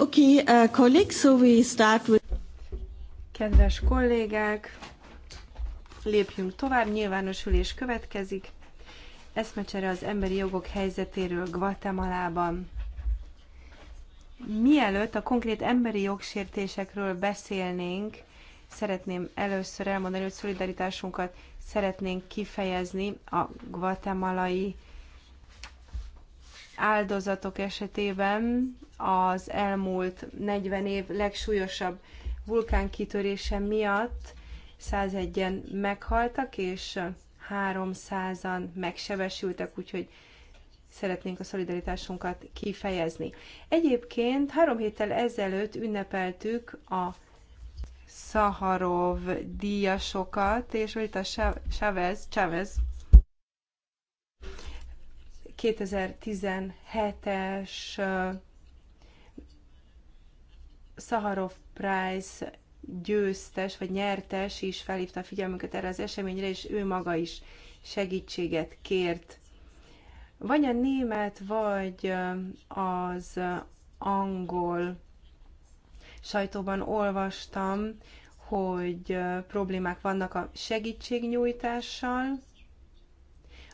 Okay, uh, colleagues, so we start with... Kedves kollégák, lépjünk tovább, nyilvános ülés következik. Eszmecsere az emberi jogok helyzetéről Guatemalában. Mielőtt a konkrét emberi jogsértésekről beszélnénk, szeretném először elmondani, hogy szolidaritásunkat szeretnénk kifejezni a guatemalai áldozatok esetében az elmúlt 40 év legsúlyosabb vulkánkitörése miatt 101-en meghaltak, és 300-an megsebesültek, úgyhogy szeretnénk a szolidaritásunkat kifejezni. Egyébként három héttel ezelőtt ünnepeltük a Szaharov díjasokat, és a Chavez, Chavez 2017-es saharov Prize győztes vagy nyertes is felhívta a figyelmünket erre az eseményre, és ő maga is segítséget kért. Vagy a német, vagy az angol sajtóban olvastam, hogy problémák vannak a segítségnyújtással,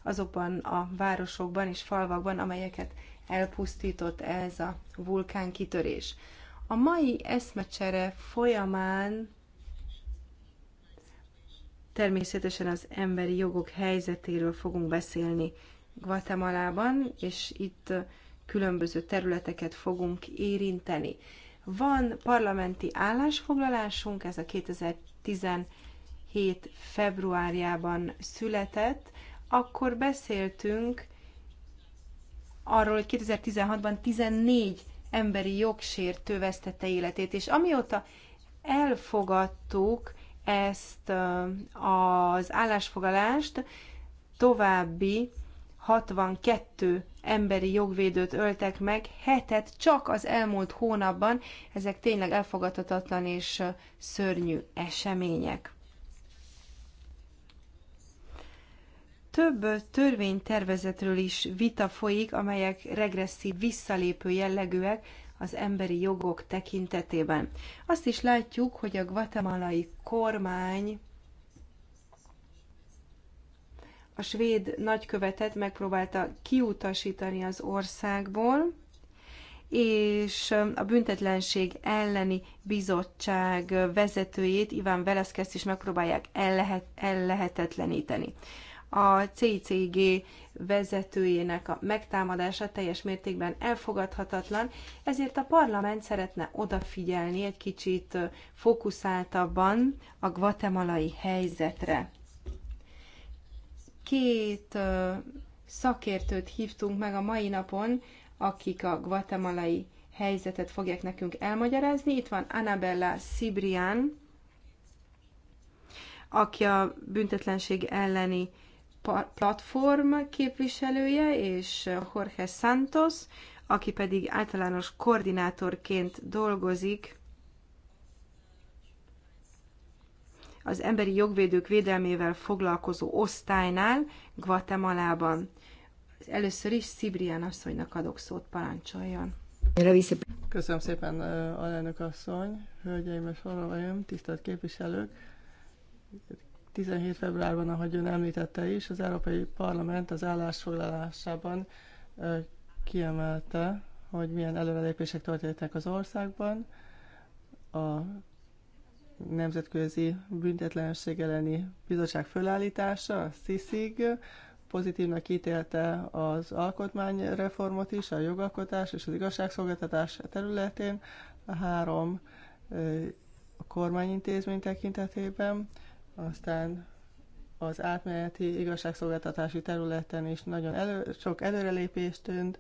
azokban a városokban és falvakban, amelyeket elpusztított ez a vulkán kitörés. A mai eszmecsere folyamán természetesen az emberi jogok helyzetéről fogunk beszélni Guatemalában, és itt különböző területeket fogunk érinteni. Van parlamenti állásfoglalásunk, ez a 2017 februárjában született, akkor beszéltünk arról, hogy 2016-ban 14 emberi jogsértő vesztette életét, és amióta elfogadtuk ezt az állásfoglalást, további 62 emberi jogvédőt öltek meg, hetet csak az elmúlt hónapban. Ezek tényleg elfogadhatatlan és szörnyű események. Több törvénytervezetről is vita folyik, amelyek regresszív, visszalépő jellegűek az emberi jogok tekintetében. Azt is látjuk, hogy a guatemalai kormány a svéd nagykövetet megpróbálta kiutasítani az országból, és a büntetlenség elleni bizottság vezetőjét, Iván Veleszkezt is megpróbálják ellehet, ellehetetleníteni a CCG vezetőjének a megtámadása teljes mértékben elfogadhatatlan, ezért a parlament szeretne odafigyelni egy kicsit fókuszáltabban a guatemalai helyzetre. Két szakértőt hívtunk meg a mai napon, akik a guatemalai helyzetet fogják nekünk elmagyarázni. Itt van Anabella Sibrián, aki a büntetlenség elleni platform képviselője, és Jorge Santos, aki pedig általános koordinátorként dolgozik az emberi jogvédők védelmével foglalkozó osztálynál Guatemalában. Először is Szibrián asszonynak adok szót, parancsoljon. Köszönöm szépen, alelnök asszony, hölgyeim és orvosaim, tisztelt képviselők. 17 februárban, ahogy ön említette is, az Európai Parlament az állásfoglalásában kiemelte, hogy milyen előrelépések történtek az országban a nemzetközi büntetlenség elleni bizottság fölállítása, a CICIG, pozitívnak ítélte az alkotmányreformot is, a jogalkotás és az igazságszolgáltatás területén, a három a kormányintézmény tekintetében, aztán az átmeneti igazságszolgáltatási területen is nagyon elő, sok előrelépést tűnt,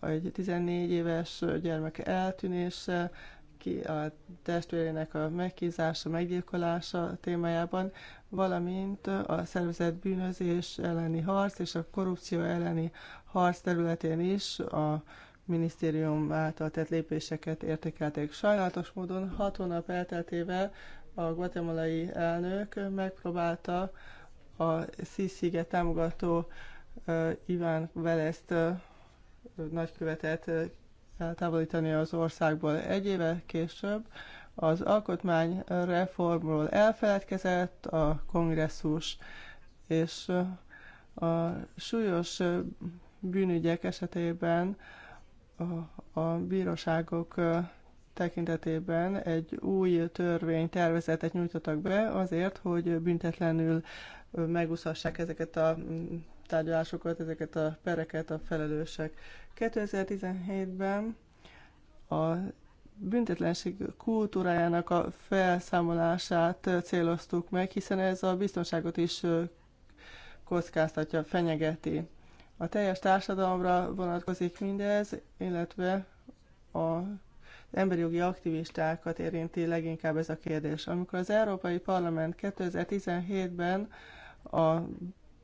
egy 14 éves gyermek eltűnése, ki a testvérének a megkízása, meggyilkolása témájában, valamint a szervezett bűnözés elleni harc és a korrupció elleni harc területén is a minisztérium által tett lépéseket értékelték. Sajnálatos módon hat hónap elteltével a guatemalai elnök megpróbálta a Sziszige támogató Iván Veleszt nagykövetet eltávolítani az országból. Egy éve később az alkotmány reformról elfeledkezett a kongresszus, és a súlyos bűnügyek esetében a, a bíróságok tekintetében egy új törvény tervezetet nyújtottak be azért, hogy büntetlenül megúszhassák ezeket a mm, tárgyalásokat, ezeket a pereket a felelősek. 2017-ben a büntetlenség kultúrájának a felszámolását céloztuk meg, hiszen ez a biztonságot is kockáztatja, fenyegeti. A teljes társadalomra vonatkozik mindez, illetve a emberi jogi aktivistákat érinti leginkább ez a kérdés. Amikor az Európai Parlament 2017-ben a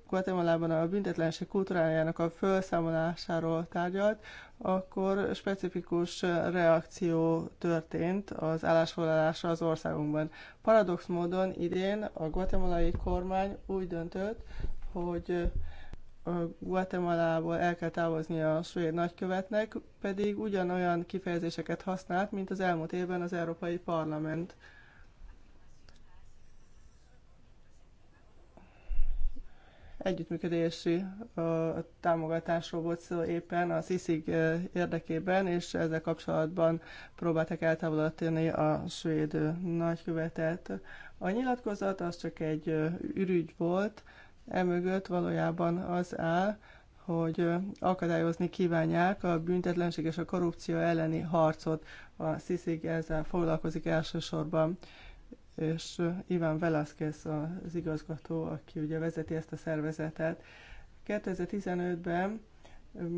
Guatemalában a büntetlenség kultúrájának a felszámolásáról tárgyalt, akkor specifikus reakció történt az állásfoglalásra az országunkban. Paradox módon idén a guatemalai kormány úgy döntött, hogy Guatemalából el kell távozni a svéd nagykövetnek, pedig ugyanolyan kifejezéseket használt, mint az elmúlt évben az Európai Parlament. Együttműködési a támogatásról volt szó éppen a CICIG érdekében, és ezzel kapcsolatban próbálták eltávolítani a svéd nagykövetet. A nyilatkozat az csak egy ürügy volt, Emögött valójában az áll, hogy akadályozni kívánják a büntetlenség és a korrupció elleni harcot. A CICIG ezzel foglalkozik elsősorban, és Iván Velasquez az igazgató, aki ugye vezeti ezt a szervezetet. 2015-ben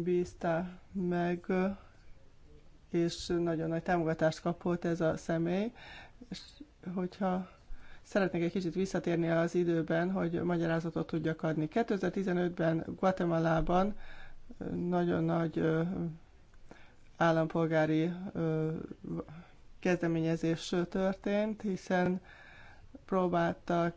bízta meg, és nagyon nagy támogatást kapott ez a személy, és hogyha Szeretnék egy kicsit visszatérni az időben, hogy magyarázatot tudjak adni. 2015-ben Guatemalában nagyon nagy állampolgári kezdeményezés történt, hiszen próbáltak,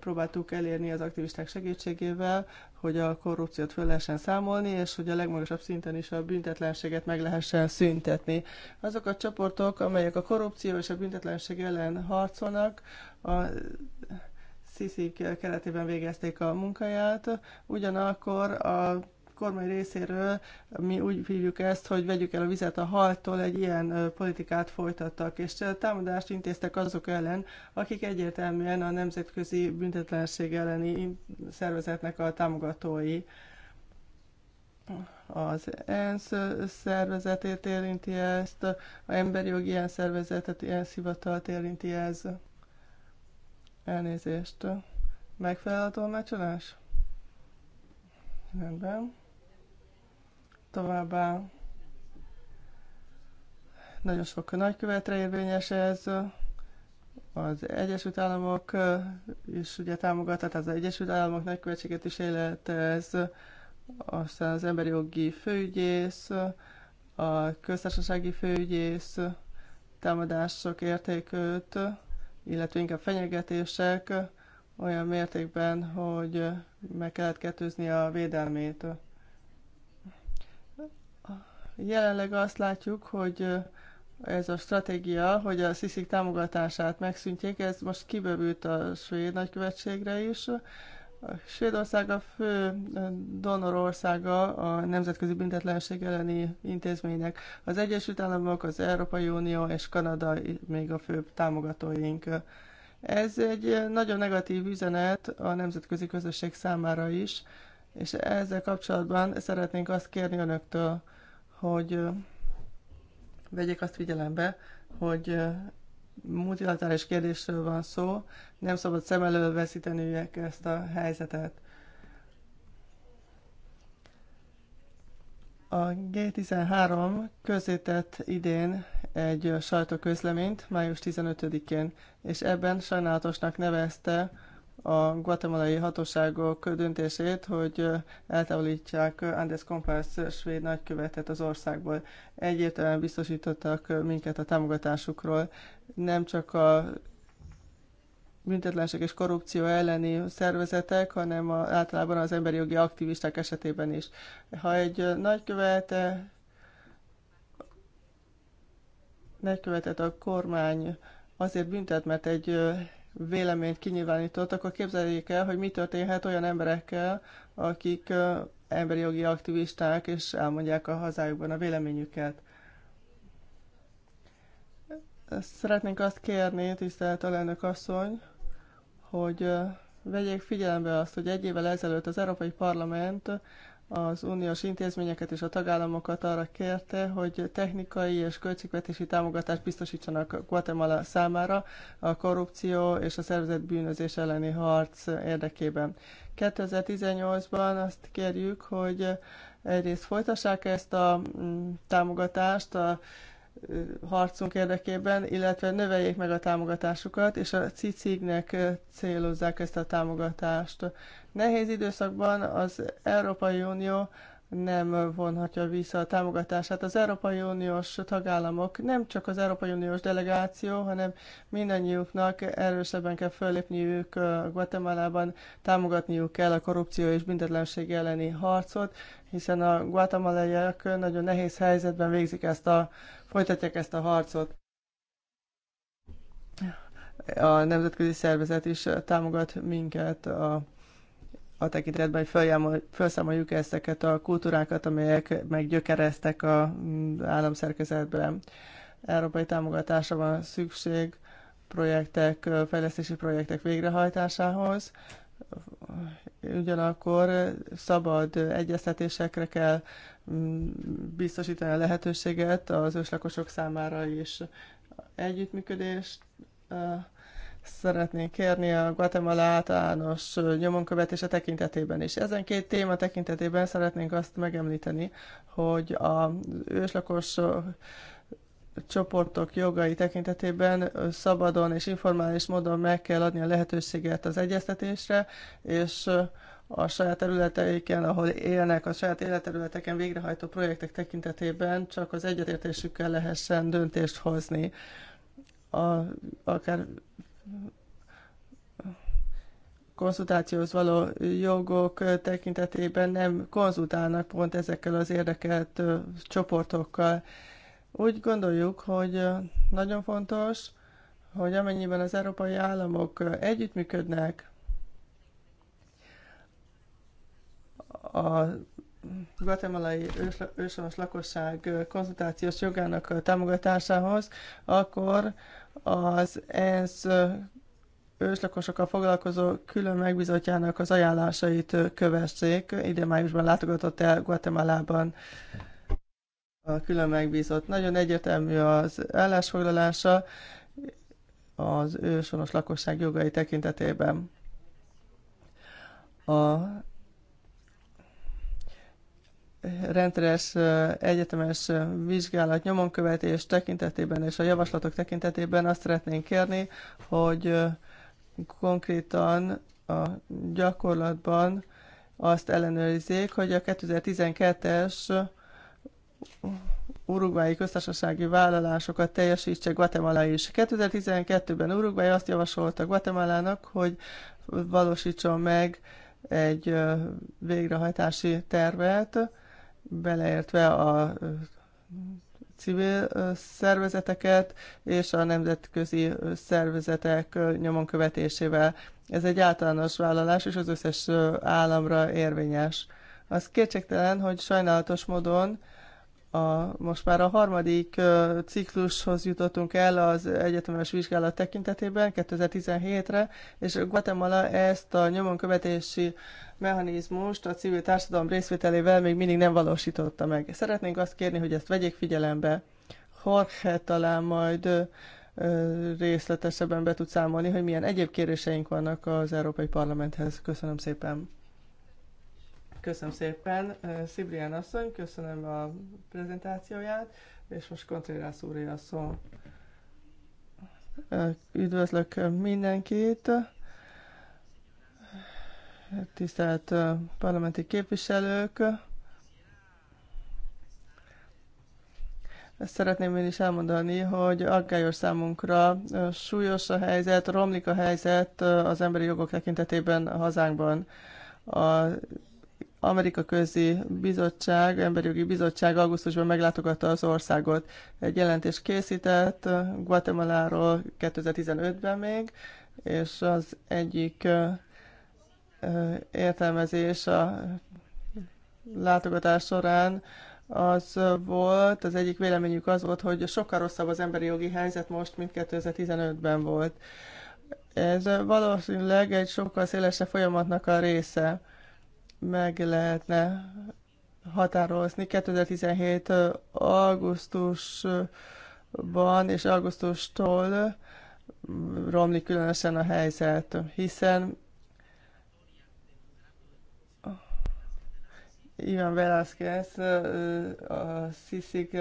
próbáltuk elérni az aktivisták segítségével, hogy a korrupciót föl lehessen számolni, és hogy a legmagasabb szinten is a büntetlenséget meg lehessen szüntetni. Azok a csoportok, amelyek a korrupció és a büntetlenség ellen harcolnak, a CICIK keretében végezték a munkáját, ugyanakkor a kormány részéről mi úgy hívjuk ezt, hogy vegyük el a vizet a haltól, egy ilyen politikát folytattak, és támadást intéztek azok ellen, akik egyértelműen a nemzetközi büntetlenség elleni szervezetnek a támogatói. Az ENSZ szervezetét érinti ezt, a emberi jogi ilyen szervezetet, ilyen szivatalt érinti ez. Elnézést. megfelelő a tolmácsolás? Rendben. Továbbá nagyon sok nagykövetre érvényes ez, az Egyesült Államok is ugye támogatta, tehát az Egyesült Államok nagykövetséget is élet ez, aztán az emberi jogi főügyész, a köztársasági főügyész, támadások értékőt, illetve inkább fenyegetések olyan mértékben, hogy meg kellett kettőzni a védelmét. Jelenleg azt látjuk, hogy ez a stratégia, hogy a sziszik támogatását megszüntjék, ez most kibővült a svéd nagykövetségre is. A Svédország a fő donorországa a nemzetközi büntetlenség elleni intézménynek. Az Egyesült Államok, az Európai Unió és Kanada még a fő támogatóink. Ez egy nagyon negatív üzenet a nemzetközi közösség számára is, és ezzel kapcsolatban szeretnénk azt kérni önöktől, hogy vegyék azt figyelembe, hogy multilaterális kérdésről van szó, nem szabad szem elől veszíteniük ezt a helyzetet. A G13 közzétett idén egy sajtóközleményt május 15-én, és ebben sajnálatosnak nevezte a guatemalai hatóságok döntését, hogy eltávolítják Andes Compass svéd nagykövetet az országból. Egyértelműen biztosítottak minket a támogatásukról. Nem csak a büntetlenség és korrupció elleni szervezetek, hanem a, általában az emberi jogi aktivisták esetében is. Ha egy nagykövet nagykövetet a kormány azért büntet, mert egy véleményt kinyilvánított, akkor képzeljék el, hogy mi történhet olyan emberekkel, akik emberi jogi aktivisták, és elmondják a hazájukban a véleményüket. Szeretnénk azt kérni, tisztelt alelnök asszony, hogy vegyék figyelembe azt, hogy egy évvel ezelőtt az Európai Parlament az uniós intézményeket és a tagállamokat arra kérte, hogy technikai és költségvetési támogatást biztosítsanak Guatemala számára a korrupció és a szervezett bűnözés elleni harc érdekében. 2018-ban azt kérjük, hogy egyrészt folytassák ezt a mm, támogatást a harcunk érdekében, illetve növeljék meg a támogatásukat, és a cicignek célozzák ezt a támogatást. Nehéz időszakban az Európai Unió nem vonhatja vissza a támogatását. Az Európai Uniós tagállamok, nem csak az Európai Uniós delegáció, hanem mindannyiuknak erősebben kell fölépniük Guatemalában, támogatniuk kell a korrupció és büntetlenség elleni harcot, hiszen a guatemalaiak nagyon nehéz helyzetben végzik ezt a, folytatják ezt a harcot. A nemzetközi szervezet is támogat minket a a tekintetben, hogy felszámoljuk ezeket a kultúrákat, amelyek meggyökereztek az mm, államszerkezetben. Európai támogatásra van szükség projektek, fejlesztési projektek végrehajtásához, ugyanakkor szabad egyeztetésekre kell mm, biztosítani a lehetőséget az őslakosok számára is. Együttműködést szeretnénk kérni a Guatemala általános nyomonkövetése tekintetében is. Ezen két téma tekintetében szeretnénk azt megemlíteni, hogy a őslakos csoportok jogai tekintetében szabadon és informális módon meg kell adni a lehetőséget az egyeztetésre, és a saját területeiken, ahol élnek, a saját életterületeken végrehajtó projektek tekintetében csak az egyetértésükkel lehessen döntést hozni. A, akár konzultációhoz való jogok tekintetében nem konzultálnak pont ezekkel az érdekelt csoportokkal. Úgy gondoljuk, hogy nagyon fontos, hogy amennyiben az európai államok együttműködnek a guatemalai őshonos lakosság konzultációs jogának támogatásához, akkor az ENSZ őslakosokkal foglalkozó külön megbizotjának az ajánlásait kövessék. Ide májusban látogatott el Guatemalában a külön megbízott. Nagyon egyetemű az állásfoglalása az ősonos lakosság jogai tekintetében. A rendszeres egyetemes vizsgálat nyomonkövetés tekintetében és a javaslatok tekintetében azt szeretnénk kérni, hogy konkrétan a gyakorlatban azt ellenőrizzék, hogy a 2012-es urugvái köztársasági vállalásokat teljesítse Guatemala is. 2012-ben Uruguay azt javasolta Guatemalának, hogy valósítson meg egy végrehajtási tervet, beleértve a civil szervezeteket és a nemzetközi szervezetek nyomon követésével. Ez egy általános vállalás, és az összes államra érvényes. Az kétségtelen, hogy sajnálatos módon a, most már a harmadik uh, ciklushoz jutottunk el az egyetemes vizsgálat tekintetében 2017-re, és Guatemala ezt a nyomonkövetési mechanizmust a civil társadalom részvételével még mindig nem valósította meg. Szeretnénk azt kérni, hogy ezt vegyék figyelembe. Jorge talán majd uh, részletesebben be tud számolni, hogy milyen egyéb kéréseink vannak az Európai Parlamenthez. Köszönöm szépen! Köszönöm szépen, Szibrián asszony, köszönöm a prezentációját, és most Kontrérász úr a szó. Üdvözlök mindenkit, tisztelt parlamenti képviselők, Ezt szeretném én is elmondani, hogy aggályos számunkra súlyos a helyzet, romlik a helyzet az emberi jogok tekintetében a hazánkban. A Amerika Közi Bizottság, emberi jogi Bizottság augusztusban meglátogatta az országot. Egy jelentés készített Guatemala-ról 2015-ben még, és az egyik értelmezés a látogatás során az volt, az egyik véleményük az volt, hogy sokkal rosszabb az emberi jogi helyzet most, mint 2015-ben volt. Ez valószínűleg egy sokkal szélesebb folyamatnak a része meg lehetne határozni 2017. augusztusban és augusztustól romlik különösen a helyzet, hiszen Ivan Velázquez, a sziszik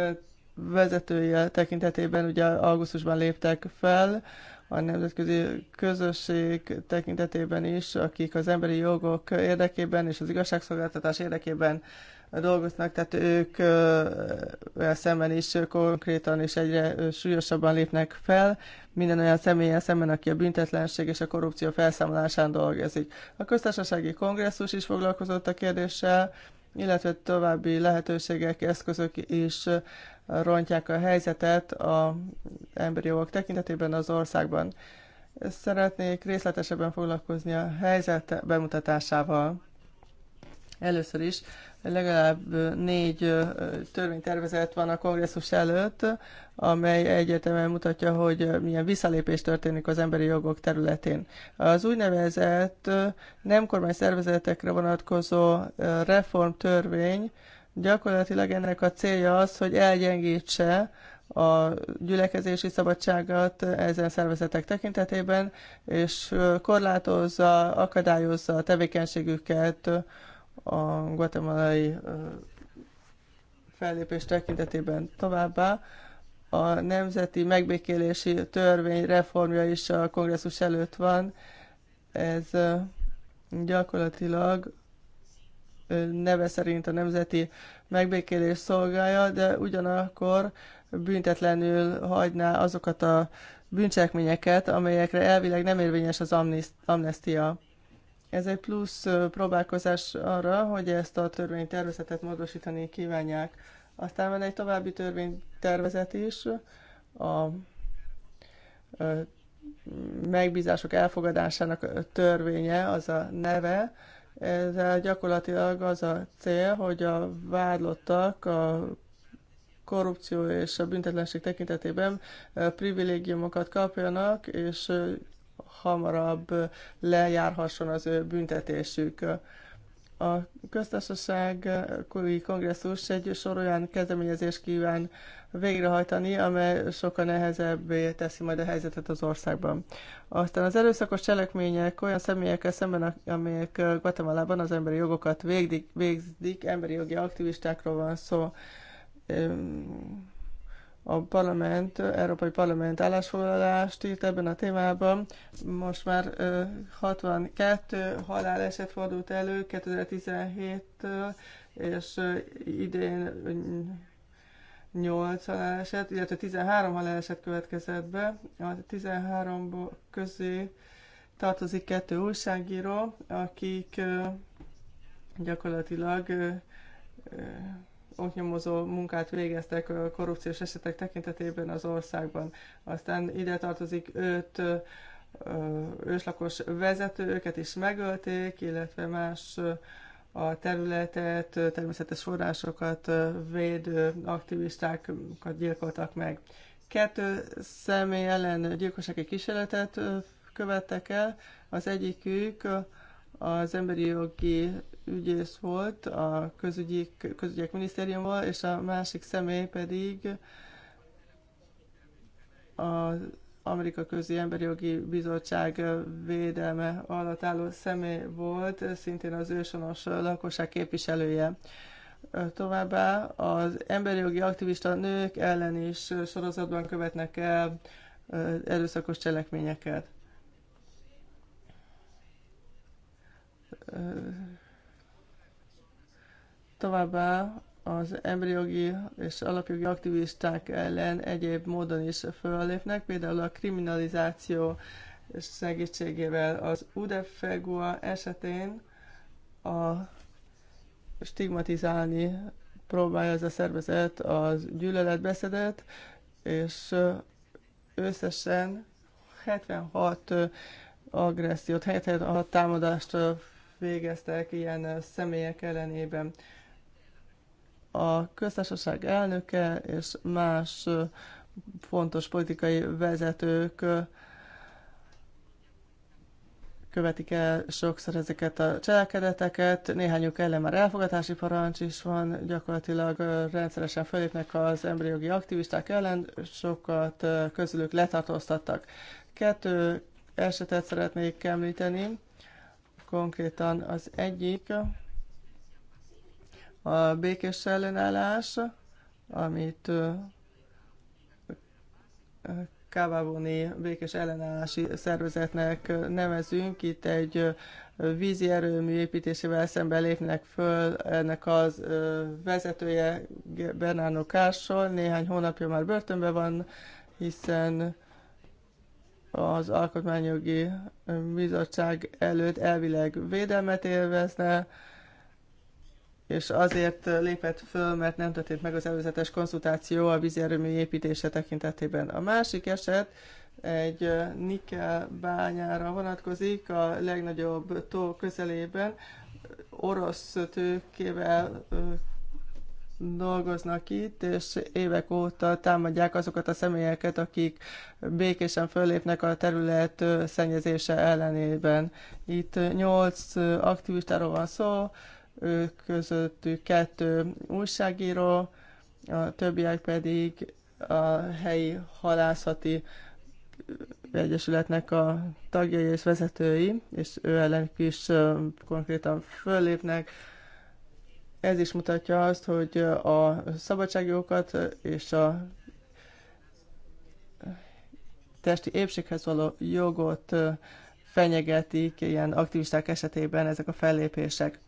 vezetője tekintetében ugye augusztusban léptek fel, a nemzetközi közösség tekintetében is, akik az emberi jogok érdekében és az igazságszolgáltatás érdekében dolgoznak, tehát ők szemben is konkrétan és egyre súlyosabban lépnek fel, minden olyan személyen szemben, aki a büntetlenség és a korrupció felszámolásán dolgozik. A köztársasági kongresszus is foglalkozott a kérdéssel, illetve további lehetőségek, eszközök is rontják a helyzetet az emberi jogok tekintetében az országban. Szeretnék részletesebben foglalkozni a helyzet bemutatásával. Először is legalább négy törvénytervezet van a kongresszus előtt, amely egyértelműen mutatja, hogy milyen visszalépés történik az emberi jogok területén. Az úgynevezett nem kormány szervezetekre vonatkozó reformtörvény Gyakorlatilag ennek a célja az, hogy elgyengítse a gyülekezési szabadságot ezen szervezetek tekintetében, és korlátozza, akadályozza a tevékenységüket a guatemalai fellépés tekintetében továbbá. A nemzeti megbékélési törvény reformja is a kongresszus előtt van. Ez gyakorlatilag neve szerint a nemzeti megbékélés szolgálja, de ugyanakkor büntetlenül hagyná azokat a bűncselekményeket, amelyekre elvileg nem érvényes az amnestia. Ez egy plusz próbálkozás arra, hogy ezt a törvénytervezetet módosítani kívánják. Aztán van egy további törvénytervezet is, a megbízások elfogadásának törvénye, az a neve, ezzel gyakorlatilag az a cél, hogy a vádlottak a korrupció és a büntetlenség tekintetében privilégiumokat kapjanak, és hamarabb lejárhasson az ő büntetésük. A köztársaság kongresszus egy sor olyan kezdeményezést kíván végrehajtani, amely sokkal nehezebbé teszi majd a helyzetet az országban. Aztán az erőszakos cselekmények olyan személyekkel szemben, amelyek Guatemalában az emberi jogokat végdik, végzik emberi jogi aktivistákról van szó. A parlament, Európai Parlament állásfoglalást írt ebben a témában. Most már 62 haláleset fordult elő 2017-től, és idén 8 haláleset, illetve 13 haláleset következett be. A 13 közé tartozik kettő újságíró, akik gyakorlatilag oknyomozó munkát végeztek korrupciós esetek tekintetében az országban. Aztán ide tartozik öt őslakos vezető, őket is megölték, illetve más a területet, természetes forrásokat védő aktivistákat gyilkoltak meg. Kettő személy ellen gyilkossági kísérletet követtek el. Az egyikük az emberi jogi ügyész volt a közügyi, közügyek minisztériumban, és a másik személy pedig a Amerika Közi Emberi Jogi Bizottság védelme alatt álló személy volt, szintén az ősonos lakosság képviselője. Továbbá az emberi jogi aktivista nők ellen is sorozatban követnek el erőszakos cselekményeket. Továbbá az emberjogi és alapjogi aktivisták ellen egyéb módon is föllépnek, például a kriminalizáció segítségével az UDEFEGUA esetén a stigmatizálni próbálja ez a szervezet az gyűlöletbeszedet, és összesen 76 agressziót, 76 támadást végeztek ilyen személyek ellenében a köztársaság elnöke és más fontos politikai vezetők követik el sokszor ezeket a cselekedeteket. Néhányuk ellen már elfogadási parancs is van, gyakorlatilag rendszeresen felépnek az emberi jogi aktivisták ellen, sokat közülük letartóztattak. Kettő esetet szeretnék említeni, konkrétan az egyik a békés ellenállás, amit Kávávoni békés ellenállási szervezetnek nevezünk. Itt egy vízi erőmű építésével szemben lépnek föl ennek az vezetője Bernardo Kársol. Néhány hónapja már börtönben van, hiszen az Alkotmányjogi Bizottság előtt elvileg védelmet élvezne, és azért lépett föl, mert nem történt meg az előzetes konzultáció a vízerőmű építése tekintetében. A másik eset egy nikkel bányára vonatkozik a legnagyobb tó közelében. Orosz tőkével dolgoznak itt, és évek óta támadják azokat a személyeket, akik békésen fölépnek a terület szennyezése ellenében. Itt nyolc aktivistáról van szó, ők közöttük kettő újságíró, a többiek pedig a helyi halászati egyesületnek a tagjai és vezetői, és ő ellen is konkrétan föllépnek. Ez is mutatja azt, hogy a szabadságjogokat és a testi épséghez való jogot fenyegetik ilyen aktivisták esetében ezek a fellépések.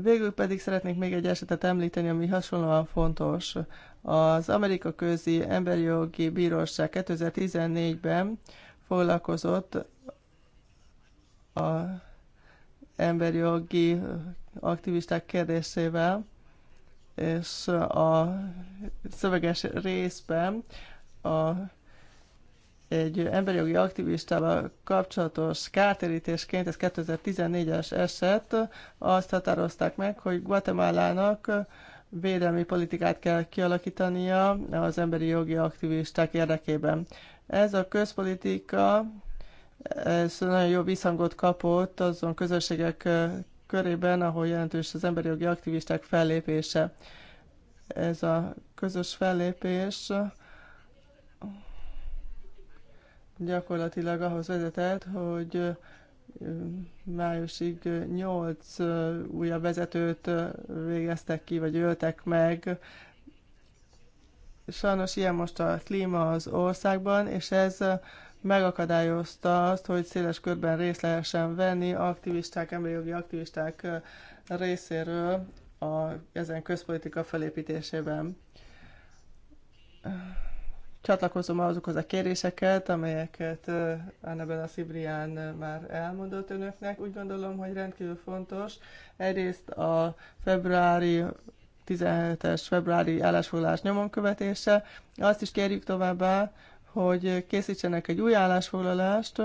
Végül pedig szeretnék még egy esetet említeni, ami hasonlóan fontos. Az Amerika Közi Emberi Jogi Bíróság 2014-ben foglalkozott a emberi jogi aktivisták kérdésével, és a szöveges részben a egy emberi jogi aktivistával kapcsolatos kártérítésként, ez 2014-es eset, azt határozták meg, hogy Guatemalának védelmi politikát kell kialakítania az emberi jogi aktivisták érdekében. Ez a közpolitika ez nagyon jó visszhangot kapott azon közösségek körében, ahol jelentős az emberi jogi aktivisták fellépése. Ez a közös fellépés gyakorlatilag ahhoz vezetett, hogy májusig 8 újabb vezetőt végeztek ki, vagy öltek meg. Sajnos ilyen most a klíma az országban, és ez megakadályozta azt, hogy széles körben részt lehessen venni aktivisták, emberi jogi aktivisták részéről a, ezen közpolitika felépítésében Csatlakozom azokhoz a kéréseket, amelyeket annabel a Szibrián már elmondott önöknek. Úgy gondolom, hogy rendkívül fontos. Egyrészt a februári 17-es februári állásfoglalás nyomon követése. Azt is kérjük továbbá, hogy készítsenek egy új állásfoglalást,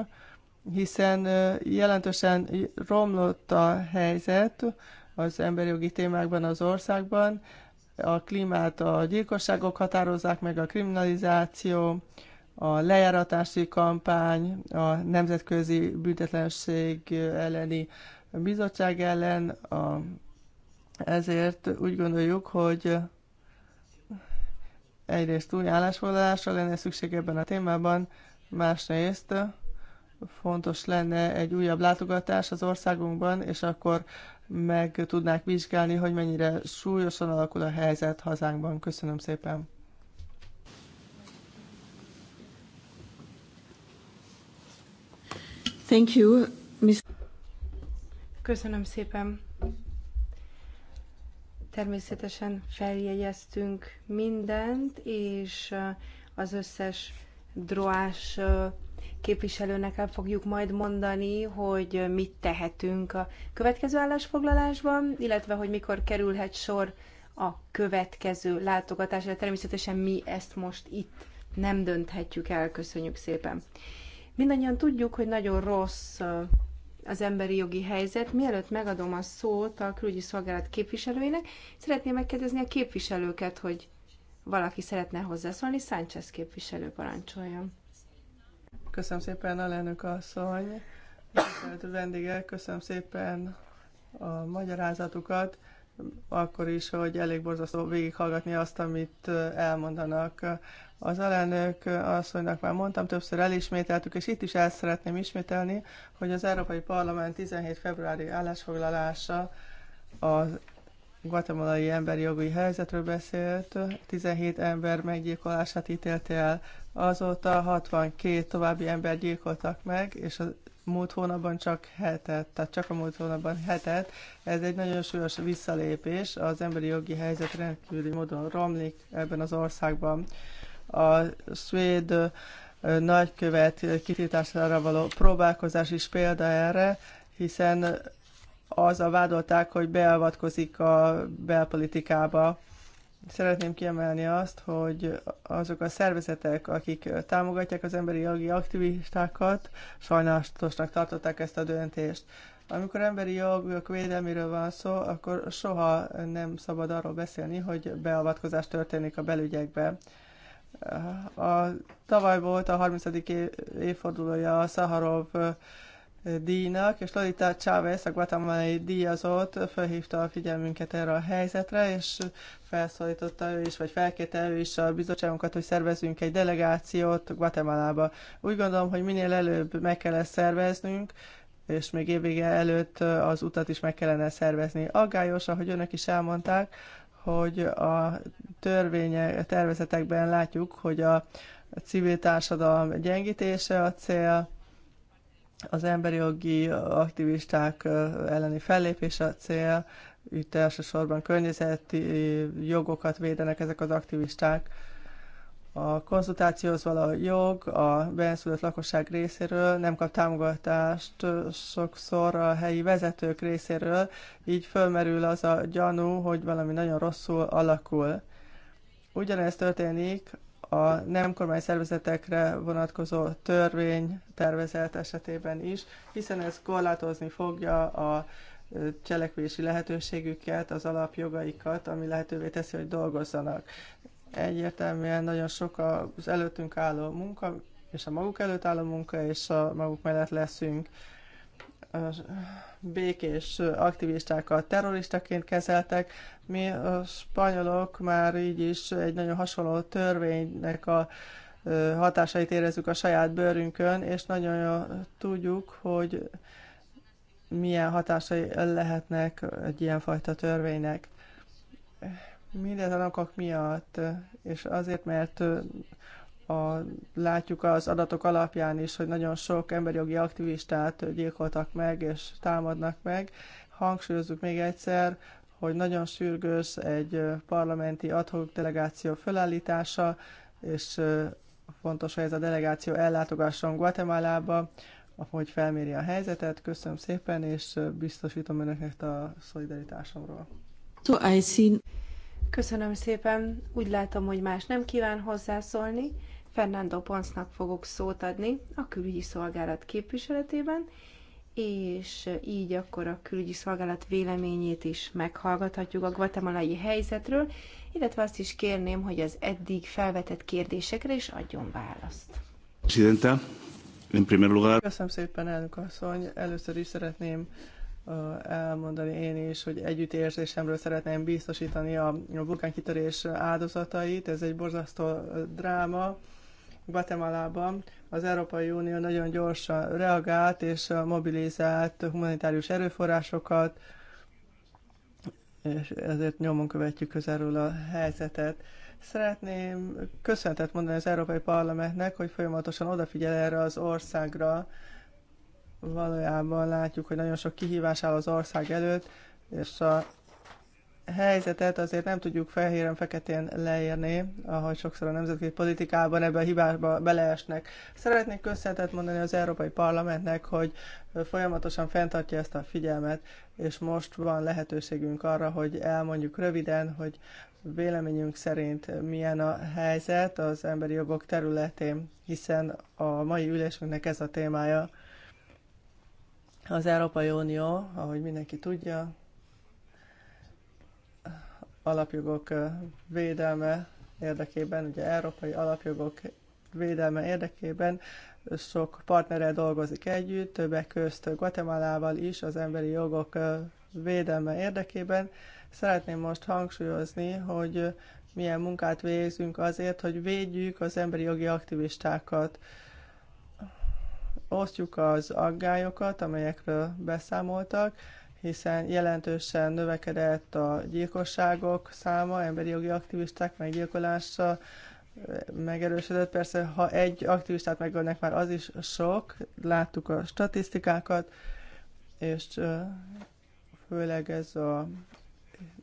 hiszen jelentősen romlott a helyzet az emberi jogi témákban az országban, a klímát a gyilkosságok határozzák meg, a kriminalizáció, a lejáratási kampány, a nemzetközi büntetlenség elleni bizottság ellen, a, ezért úgy gondoljuk, hogy egyrészt új állásfoglalásra lenne szükség ebben a témában, másrészt fontos lenne egy újabb látogatás az országunkban, és akkor meg tudnák vizsgálni, hogy mennyire súlyosan alakul a helyzet hazánkban. Köszönöm szépen! Thank you, Ms. Köszönöm szépen! Természetesen feljegyeztünk mindent, és uh, az összes droás uh, képviselőnek el fogjuk majd mondani, hogy mit tehetünk a következő állásfoglalásban, illetve hogy mikor kerülhet sor a következő látogatásra. Természetesen mi ezt most itt nem dönthetjük el, köszönjük szépen. Mindannyian tudjuk, hogy nagyon rossz az emberi jogi helyzet. Mielőtt megadom a szót a külügyi szolgálat képviselőinek, szeretném megkérdezni a képviselőket, hogy valaki szeretne hozzászólni. Sánchez képviselő parancsoljon. Köszönöm szépen, a alelnök asszony, a vendégek, köszönöm szépen a magyarázatukat, akkor is, hogy elég borzasztó végighallgatni azt, amit elmondanak. Az alelnök asszonynak már mondtam, többször elismételtük, és itt is el szeretném ismételni, hogy az Európai Parlament 17. februári állásfoglalása az guatemalai emberi jogi helyzetről beszélt, 17 ember meggyilkolását ítélte el, azóta 62 további ember gyilkoltak meg, és a múlt hónapban csak hetet, tehát csak a múlt hónapban hetet. Ez egy nagyon súlyos visszalépés, az emberi jogi helyzet rendkívüli módon romlik ebben az országban. A svéd nagykövet kitiltására való próbálkozás is példa erre, hiszen az a vádolták, hogy beavatkozik a belpolitikába. Szeretném kiemelni azt, hogy azok a szervezetek, akik támogatják az emberi jogi aktivistákat, sajnálatosnak tartották ezt a döntést. Amikor emberi jogok védelméről van szó, akkor soha nem szabad arról beszélni, hogy beavatkozás történik a belügyekbe. A, tavaly volt a 30. évfordulója a Szaharov díjnak, és Lolita Chávez, a guatemalai díjazott, felhívta a figyelmünket erre a helyzetre, és felszólította ő is, vagy felkérte ő is a bizottságunkat, hogy szervezünk egy delegációt Guatemalába. Úgy gondolom, hogy minél előbb meg kell ezt szerveznünk, és még évvége előtt az utat is meg kellene szervezni. Aggályos, ahogy önök is elmondták, hogy a törvénye, a tervezetekben látjuk, hogy a civil társadalom gyengítése a cél, az emberi jogi aktivisták elleni fellépés a cél, itt elsősorban környezeti jogokat védenek ezek az aktivisták. A konzultációhoz való jog a benszülött lakosság részéről nem kap támogatást sokszor a helyi vezetők részéről, így fölmerül az a gyanú, hogy valami nagyon rosszul alakul. Ugyanezt történik a nem kormány szervezetekre vonatkozó törvény tervezet esetében is, hiszen ez korlátozni fogja a cselekvési lehetőségüket, az alapjogaikat, ami lehetővé teszi, hogy dolgozzanak. Egyértelműen nagyon sok az előttünk álló munka, és a maguk előtt álló munka, és a maguk mellett leszünk békés aktivistákat terroristaként kezeltek. Mi a spanyolok már így is egy nagyon hasonló törvénynek a hatásait érezzük a saját bőrünkön, és nagyon jól tudjuk, hogy milyen hatásai lehetnek egy ilyenfajta törvénynek. Mindez a lakok miatt, és azért, mert a, látjuk az adatok alapján is, hogy nagyon sok emberjogi aktivistát gyilkoltak meg és támadnak meg. Hangsúlyozzuk még egyszer, hogy nagyon sürgős egy parlamenti adhok delegáció felállítása, és fontos, hogy ez a delegáció ellátogasson Guatemalába, hogy felméri a helyzetet. Köszönöm szépen, és biztosítom önöknek a szolidaritásomról. So I see... Köszönöm szépen. Úgy látom, hogy más nem kíván hozzászólni. Fernando Ponsnak fogok szót adni a külügyi szolgálat képviseletében, és így akkor a külügyi szolgálat véleményét is meghallgathatjuk a guatemalai helyzetről, illetve azt is kérném, hogy az eddig felvetett kérdésekre is adjon választ. Presidenta, en primer lugar... Köszönöm szépen, elnök asszony. Először is szeretném elmondani én is, hogy együttérzésemről szeretném biztosítani a vulkánkitörés áldozatait. Ez egy borzasztó dráma, Guatemalában az Európai Unió nagyon gyorsan reagált és mobilizált humanitárius erőforrásokat, és ezért nyomon követjük közelről a helyzetet. Szeretném köszöntet mondani az Európai Parlamentnek, hogy folyamatosan odafigyel erre az országra. Valójában látjuk, hogy nagyon sok kihívás áll az ország előtt, és a helyzetet azért nem tudjuk fehéren-feketén leírni, ahogy sokszor a nemzetközi politikában ebbe a hibába beleesnek. Szeretnék köszönetet mondani az Európai Parlamentnek, hogy folyamatosan fenntartja ezt a figyelmet, és most van lehetőségünk arra, hogy elmondjuk röviden, hogy véleményünk szerint milyen a helyzet az emberi jogok területén, hiszen a mai ülésünknek ez a témája. Az Európai Unió, ahogy mindenki tudja, alapjogok védelme érdekében, ugye európai alapjogok védelme érdekében sok partnerrel dolgozik együtt, többek közt Guatemalával is az emberi jogok védelme érdekében. Szeretném most hangsúlyozni, hogy milyen munkát végzünk azért, hogy védjük az emberi jogi aktivistákat. Osztjuk az aggályokat, amelyekről beszámoltak, hiszen jelentősen növekedett a gyilkosságok száma, emberi jogi aktivisták meggyilkolása megerősödött. Persze, ha egy aktivistát megölnek, már az is sok, láttuk a statisztikákat, és főleg ez a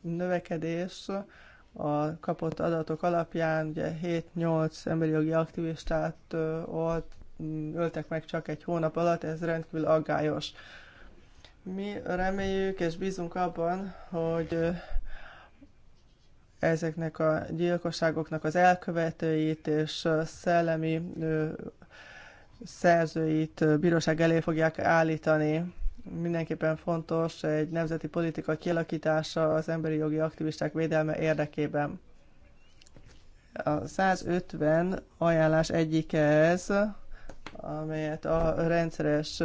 növekedés a kapott adatok alapján ugye 7-8 emberi jogi aktivistát ott öltek meg csak egy hónap alatt, ez rendkívül aggályos. Mi reméljük és bízunk abban, hogy ezeknek a gyilkosságoknak az elkövetőit és szellemi szerzőit bíróság elé fogják állítani. Mindenképpen fontos egy nemzeti politika kialakítása az emberi jogi aktivisták védelme érdekében. A 150 ajánlás egyike ez, amelyet a rendszeres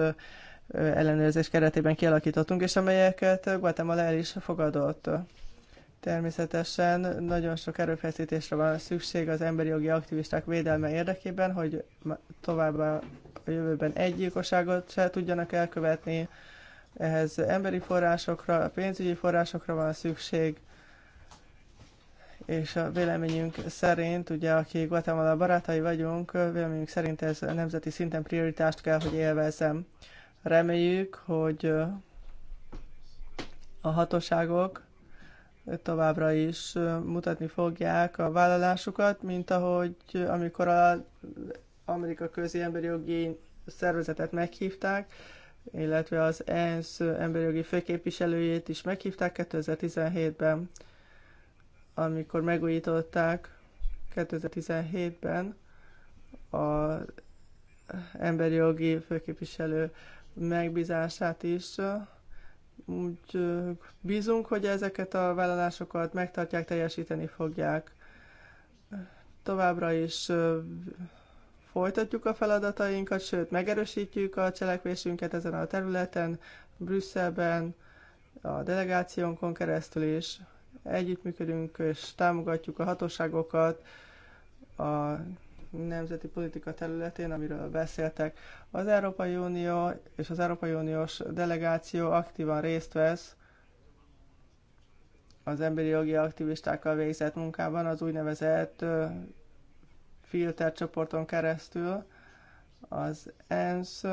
ellenőrzés keretében kialakítottunk, és amelyeket Guatemala el is fogadott. Természetesen nagyon sok erőfeszítésre van szükség az emberi jogi aktivisták védelme érdekében, hogy továbbá a jövőben egy gyilkosságot se tudjanak elkövetni. Ehhez emberi forrásokra, pénzügyi forrásokra van szükség, és a véleményünk szerint, ugye aki Guatemala barátai vagyunk, véleményünk szerint ez nemzeti szinten prioritást kell, hogy élvezzem. Reméljük, hogy a hatóságok továbbra is mutatni fogják a vállalásukat, mint ahogy amikor az Amerika Közi Emberi Jogi Szervezetet meghívták, illetve az ENSZ emberi jogi főképviselőjét is meghívták 2017-ben, amikor megújították 2017-ben az emberi jogi főképviselő megbízását is. Úgy bízunk, hogy ezeket a vállalásokat megtartják, teljesíteni fogják. Továbbra is folytatjuk a feladatainkat, sőt, megerősítjük a cselekvésünket ezen a területen, Brüsszelben, a delegációnkon keresztül is. Együttműködünk és támogatjuk a hatóságokat, a nemzeti politika területén, amiről beszéltek. Az Európai Unió és az Európai Uniós delegáció aktívan részt vesz az emberi jogi aktivistákkal végzett munkában az úgynevezett filter csoporton keresztül az ENSZ,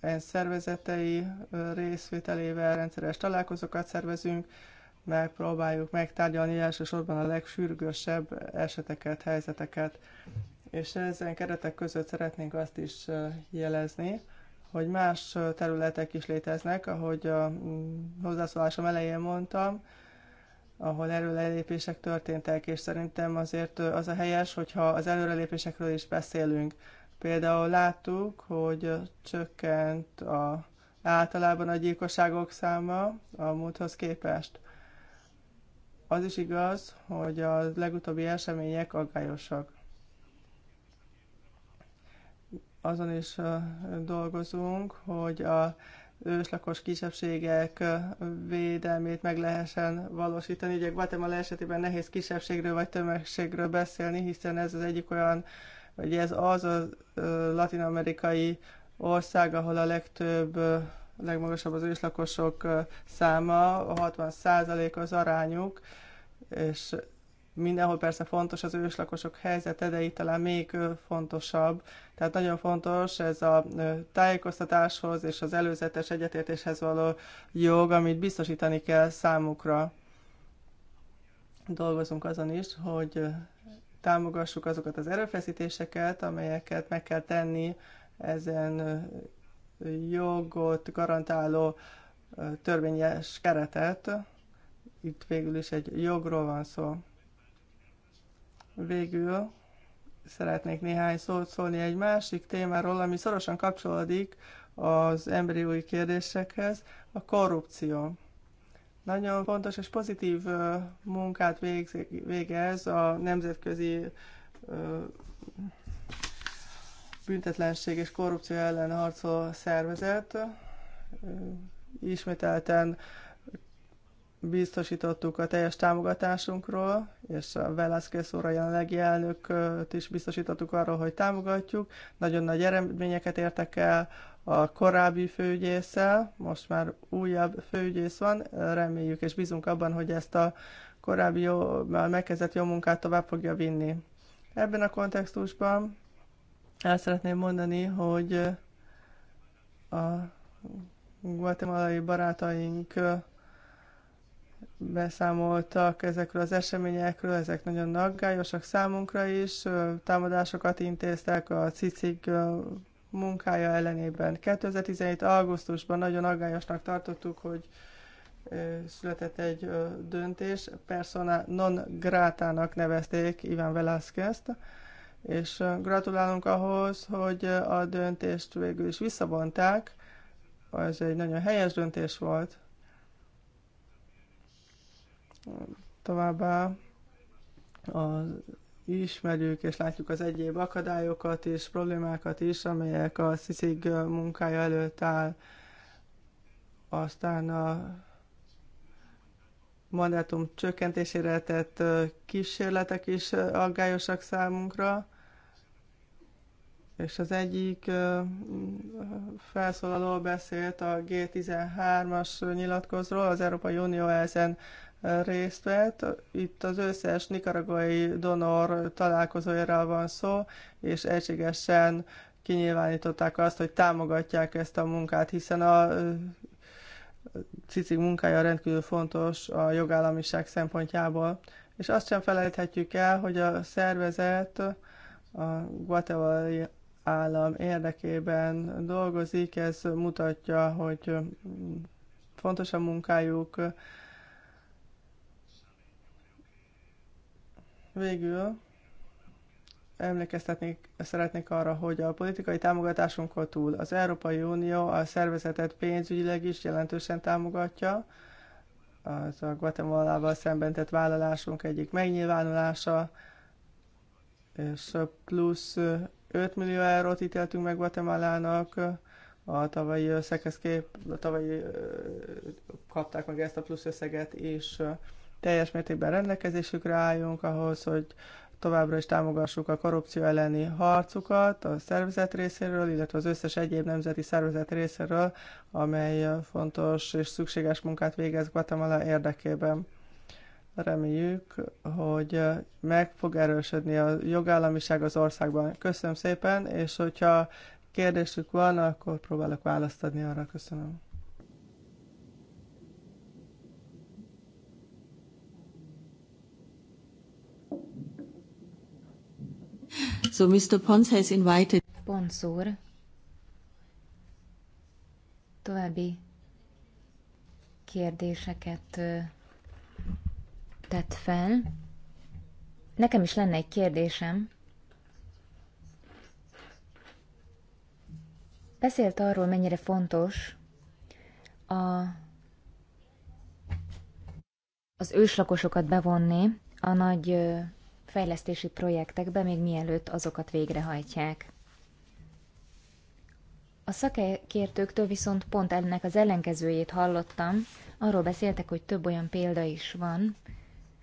ENSZ szervezetei részvételével rendszeres találkozókat szervezünk, megpróbáljuk megtárgyalni elsősorban a legsürgősebb eseteket, helyzeteket és ezen keretek között szeretnénk azt is jelezni, hogy más területek is léteznek, ahogy a mm, hozzászólásom elején mondtam, ahol előrelépések történtek, és szerintem azért az a helyes, hogyha az előrelépésekről is beszélünk. Például láttuk, hogy csökkent a, általában a gyilkosságok száma a múlthoz képest. Az is igaz, hogy a legutóbbi események aggályosak. azon is dolgozunk, hogy a őslakos kisebbségek védelmét meg lehessen valósítani. Ugye Guatemala esetében nehéz kisebbségről vagy tömegségről beszélni, hiszen ez az egyik olyan, vagy ez az a latinamerikai ország, ahol a legtöbb, legmagasabb az őslakosok száma, a 60 az arányuk, és Mindenhol persze fontos az őslakosok helyzete, de itt talán még fontosabb. Tehát nagyon fontos ez a tájékoztatáshoz és az előzetes egyetértéshez való jog, amit biztosítani kell számukra. Dolgozunk azon is, hogy támogassuk azokat az erőfeszítéseket, amelyeket meg kell tenni ezen jogot garantáló törvényes keretet. Itt végül is egy jogról van szó. Végül szeretnék néhány szót szólni egy másik témáról, ami szorosan kapcsolódik az emberi új kérdésekhez, a korrupció. Nagyon fontos és pozitív munkát végez a nemzetközi büntetlenség és korrupció ellen harcoló szervezet. Ismételten biztosítottuk a teljes támogatásunkról, és a Velázquez óra jelenlegi elnököt is biztosítottuk arról, hogy támogatjuk. Nagyon nagy eredményeket értek el a korábbi főügyésszel, most már újabb főügyész van, reméljük és bízunk abban, hogy ezt a korábbi jó, megkezdett jó munkát tovább fogja vinni. Ebben a kontextusban el szeretném mondani, hogy a guatemalai barátaink beszámoltak ezekről az eseményekről, ezek nagyon aggályosak számunkra is, támadásokat intéztek a cicik munkája ellenében. 2017. augusztusban nagyon aggályosnak tartottuk, hogy született egy döntés, persona non grátának nevezték Iván Velázquez-t, és gratulálunk ahhoz, hogy a döntést végül is visszavonták, ez egy nagyon helyes döntés volt, Továbbá az ismerjük és látjuk az egyéb akadályokat és problémákat is, amelyek a sziszig munkája előtt áll. Aztán a mandátum csökkentésére tett kísérletek is aggályosak számunkra, és az egyik felszólaló beszélt a G13-as nyilatkozról, az Európai Unió ezen részt vett. Itt az összes nikaragai donor találkozójáról van szó, és egységesen kinyilvánították azt, hogy támogatják ezt a munkát, hiszen a cicik munkája rendkívül fontos a jogállamiság szempontjából. És azt sem felejthetjük el, hogy a szervezet a Guatemala állam érdekében dolgozik, ez mutatja, hogy fontos a munkájuk, Végül emlékeztetnék, szeretnék arra, hogy a politikai támogatásunkon túl az Európai Unió a szervezetet pénzügyileg is jelentősen támogatja. Az a Guatemalával szemben tett vállalásunk egyik megnyilvánulása, és plusz 5 millió eurót ítéltünk meg Guatemalának, a tavalyi összeghez kép, a tavalyi kapták meg ezt a plusz összeget, és teljes mértékben rendelkezésükre álljunk ahhoz, hogy továbbra is támogassuk a korrupció elleni harcukat a szervezet részéről, illetve az összes egyéb nemzeti szervezet részéről, amely fontos és szükséges munkát végez Guatemala érdekében. Reméljük, hogy meg fog erősödni a jogállamiság az országban. Köszönöm szépen, és hogyha kérdésük van, akkor próbálok választ adni arra. Köszönöm. So Mr. Pons has invited... Sponsor. további kérdéseket tett fel. Nekem is lenne egy kérdésem. Beszélt arról, mennyire fontos a, az őslakosokat bevonni a nagy fejlesztési projektekbe, még mielőtt azokat végrehajtják. A szakértőktől viszont pont ennek az ellenkezőjét hallottam, arról beszéltek, hogy több olyan példa is van,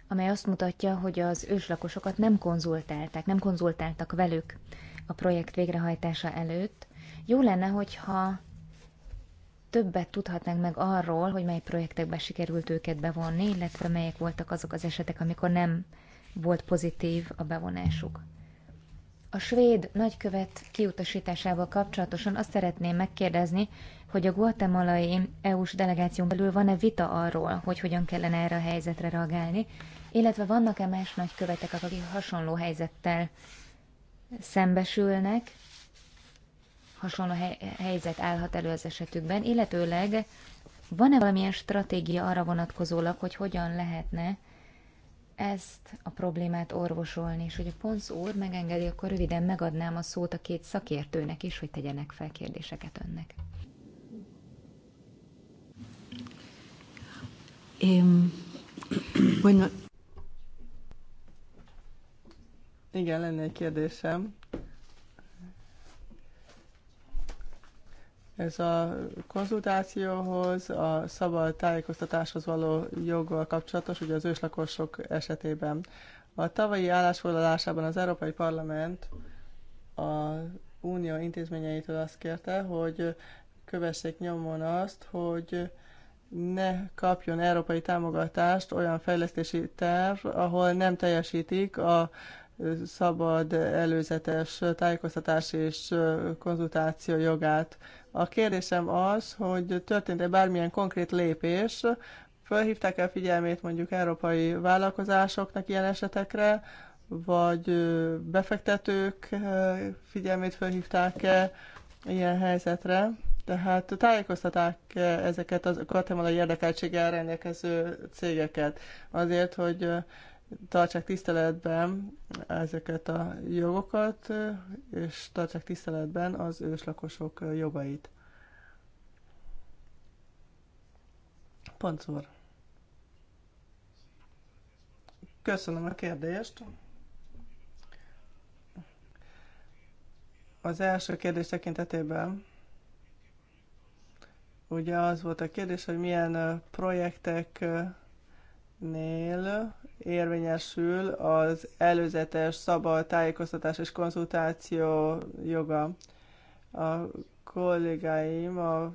amely azt mutatja, hogy az őslakosokat nem konzultálták, nem konzultáltak velük a projekt végrehajtása előtt. Jó lenne, hogyha többet tudhatnánk meg arról, hogy mely projektekben sikerült őket bevonni, illetve melyek voltak azok az esetek, amikor nem volt pozitív a bevonásuk. A svéd nagykövet kiutasításával kapcsolatosan azt szeretném megkérdezni, hogy a guatemalai EU-s delegáción belül van-e vita arról, hogy hogyan kellene erre a helyzetre reagálni, illetve vannak-e más nagykövetek, akik hasonló helyzettel szembesülnek, hasonló helyzet állhat elő az esetükben, illetőleg van-e valamilyen stratégia arra vonatkozólag, hogy hogyan lehetne ezt a problémát orvosolni, és hogy a Ponsz úr megengedi, akkor röviden megadnám a szót a két szakértőnek is, hogy tegyenek fel kérdéseket önnek. Én... Igen, lenne egy kérdésem. Ez a konzultációhoz, a szabad tájékoztatáshoz való joggal kapcsolatos, ugye az őslakosok esetében. A tavalyi állásfoglalásában az Európai Parlament a unió intézményeitől azt kérte, hogy kövessék nyomon azt, hogy ne kapjon európai támogatást olyan fejlesztési terv, ahol nem teljesítik a szabad előzetes tájékoztatás és konzultáció jogát. A kérdésem az, hogy történt-e bármilyen konkrét lépés, felhívták e figyelmét mondjuk európai vállalkozásoknak ilyen esetekre, vagy befektetők figyelmét felhívták e ilyen helyzetre? Tehát tájékoztaták ezeket a katemalai érdekeltséggel rendelkező cégeket azért, hogy tartsák tiszteletben ezeket a jogokat, és tartsák tiszteletben az őslakosok jogait. Pancor. Köszönöm a kérdést. Az első kérdés tekintetében ugye az volt a kérdés, hogy milyen projektek nél érvényesül az előzetes szabad tájékoztatás és konzultáció joga. A kollégáim a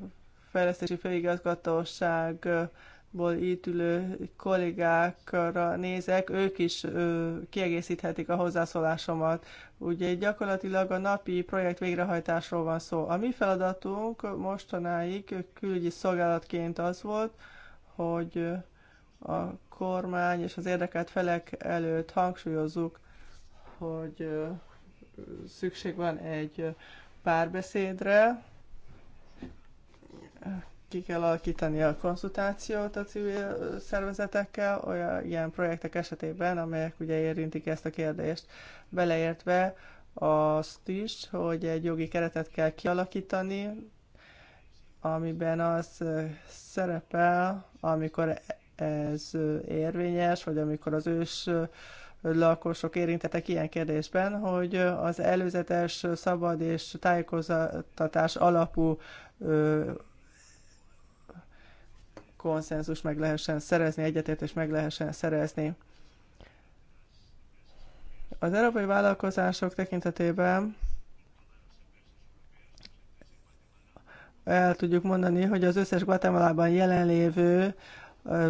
fejlesztési főigazgatóságból itt ülő kollégákra nézek, ők is ö, kiegészíthetik a hozzászólásomat. Ugye gyakorlatilag a napi projekt végrehajtásról van szó. A mi feladatunk mostanáig külügyi szolgálatként az volt, hogy a kormány és az érdekelt felek előtt hangsúlyozzuk, hogy szükség van egy párbeszédre, ki kell alakítani a konzultációt a civil szervezetekkel, olyan ilyen projektek esetében, amelyek ugye érintik ezt a kérdést, beleértve azt is, hogy egy jogi keretet kell kialakítani, amiben az szerepel, amikor ez érvényes, vagy amikor az ős lakosok érintettek ilyen kérdésben, hogy az előzetes szabad és tájékoztatás alapú ö, konszenzus meg lehessen szerezni, egyetértés meg lehessen szerezni. Az európai vállalkozások tekintetében el tudjuk mondani, hogy az összes Guatemalában jelenlévő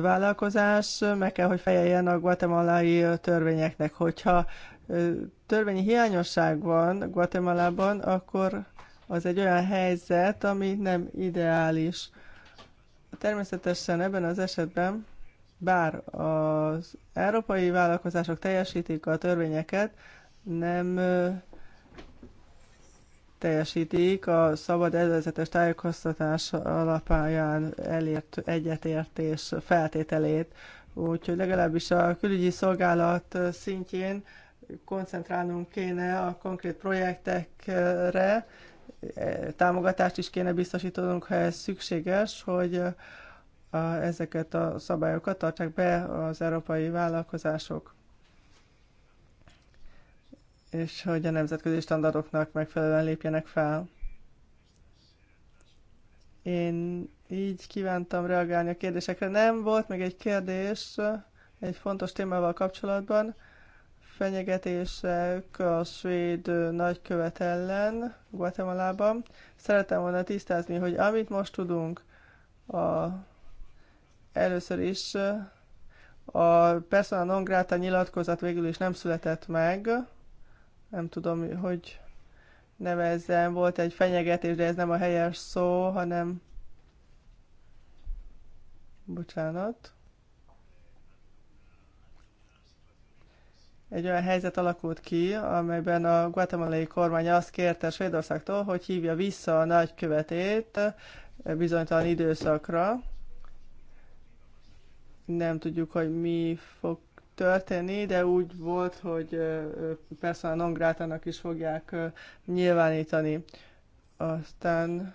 vállalkozás meg kell, hogy fejeljen a guatemalai törvényeknek. Hogyha törvényi hiányosság van Guatemalában, akkor az egy olyan helyzet, ami nem ideális. Természetesen ebben az esetben, bár az európai vállalkozások teljesítik a törvényeket, nem teljesítik a szabad előzetes tájékoztatás alapján elért egyetértés feltételét. Úgyhogy legalábbis a külügyi szolgálat szintjén koncentrálnunk kéne a konkrét projektekre, e, támogatást is kéne biztosítanunk, ha ez szükséges, hogy ezeket a szabályokat tartják be az európai vállalkozások és hogy a nemzetközi standardoknak megfelelően lépjenek fel. Én így kívántam reagálni a kérdésekre. Nem volt még egy kérdés egy fontos témával kapcsolatban. Fenyegetések a svéd nagykövet ellen Guatemalában. Szeretem volna tisztázni, hogy amit most tudunk, a, először is a persona non grata nyilatkozat végül is nem született meg, nem tudom, hogy nevezzem, volt egy fenyegetés, de ez nem a helyes szó, hanem bocsánat. Egy olyan helyzet alakult ki, amelyben a guatemalai kormány azt kérte Svédországtól, hogy hívja vissza a nagykövetét bizonytalan időszakra. Nem tudjuk, hogy mi fog történni, de úgy volt, hogy persze a Nongrátának is fogják nyilvánítani. Aztán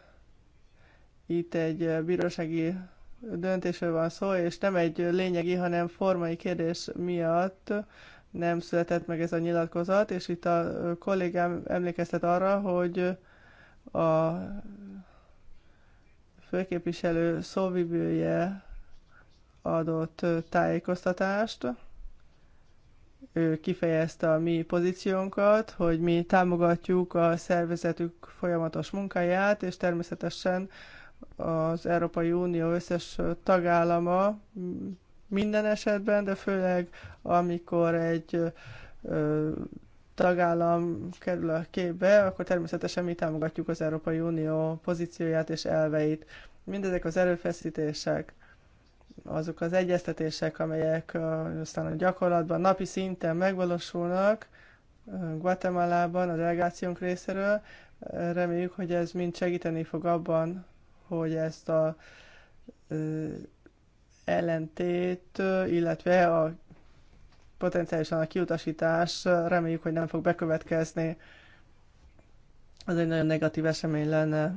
itt egy bírósági döntésről van szó, és nem egy lényegi, hanem formai kérdés miatt nem született meg ez a nyilatkozat, és itt a kollégám emlékeztet arra, hogy a főképviselő szóvivője adott tájékoztatást, ő kifejezte a mi pozíciónkat, hogy mi támogatjuk a szervezetük folyamatos munkáját, és természetesen az Európai Unió összes tagállama minden esetben, de főleg amikor egy ö, tagállam kerül a képbe, akkor természetesen mi támogatjuk az Európai Unió pozícióját és elveit. Mindezek az erőfeszítések azok az egyeztetések, amelyek aztán a gyakorlatban napi szinten megvalósulnak Guatemalában a delegációnk részéről, reméljük, hogy ez mind segíteni fog abban, hogy ezt a ellentét, illetve a potenciálisan a kiutasítás reméljük, hogy nem fog bekövetkezni. Az egy nagyon negatív esemény lenne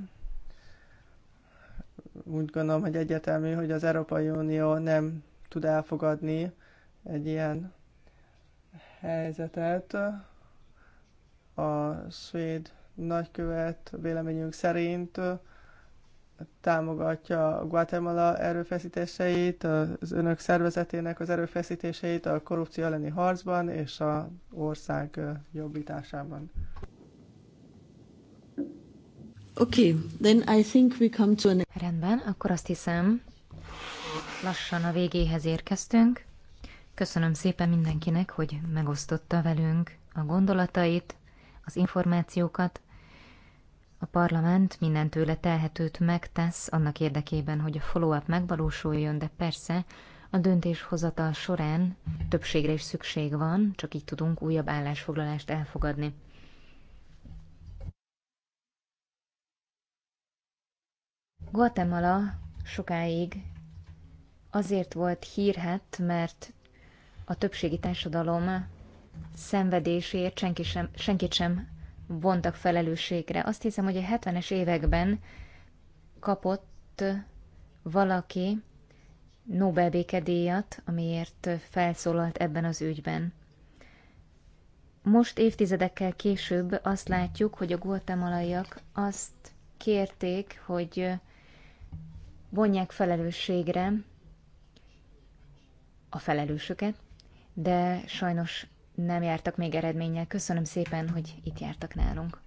úgy gondolom, hogy egyetemű, hogy az Európai Unió nem tud elfogadni egy ilyen helyzetet. A svéd nagykövet véleményünk szerint támogatja Guatemala erőfeszítéseit, az önök szervezetének az erőfeszítéseit a korrupció elleni harcban és a ország jobbításában. Okay, then I think we come to an... Rendben, akkor azt hiszem, lassan a végéhez érkeztünk. Köszönöm szépen mindenkinek, hogy megosztotta velünk a gondolatait, az információkat. A parlament minden tőle telhetőt megtesz annak érdekében, hogy a follow-up megvalósuljon, de persze a döntéshozatal során többségre is szükség van, csak így tudunk újabb állásfoglalást elfogadni. Guatemala sokáig azért volt hírhet, mert a többségi társadalom szenvedésért senki sem, senkit sem vontak felelősségre. Azt hiszem, hogy a 70-es években kapott valaki Nobel békedíjat, amiért felszólalt ebben az ügyben. Most évtizedekkel később azt látjuk, hogy a guatemalaiak azt kérték, hogy vonják felelősségre a felelősöket, de sajnos nem jártak még eredménnyel. Köszönöm szépen, hogy itt jártak nálunk.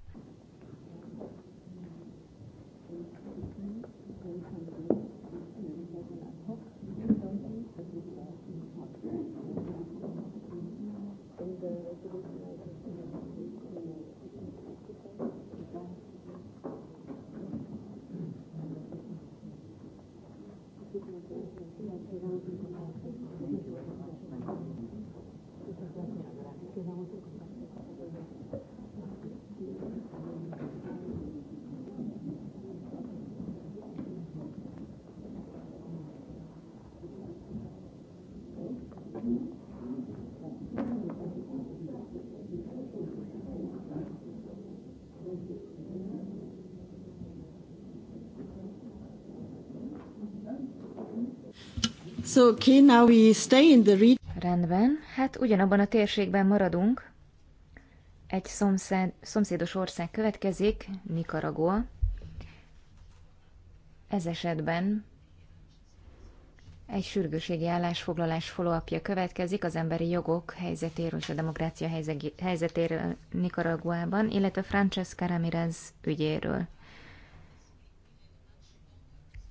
So, okay, now we stay in the region. Rendben, hát ugyanabban a térségben maradunk. Egy szomszéd, szomszédos ország következik, Nicaragua. Ez esetben egy sürgőségi állásfoglalás folóapja következik az emberi jogok helyzetéről és a demokrácia helyzetéről Nicaraguában, illetve Francesca Ramirez ügyéről.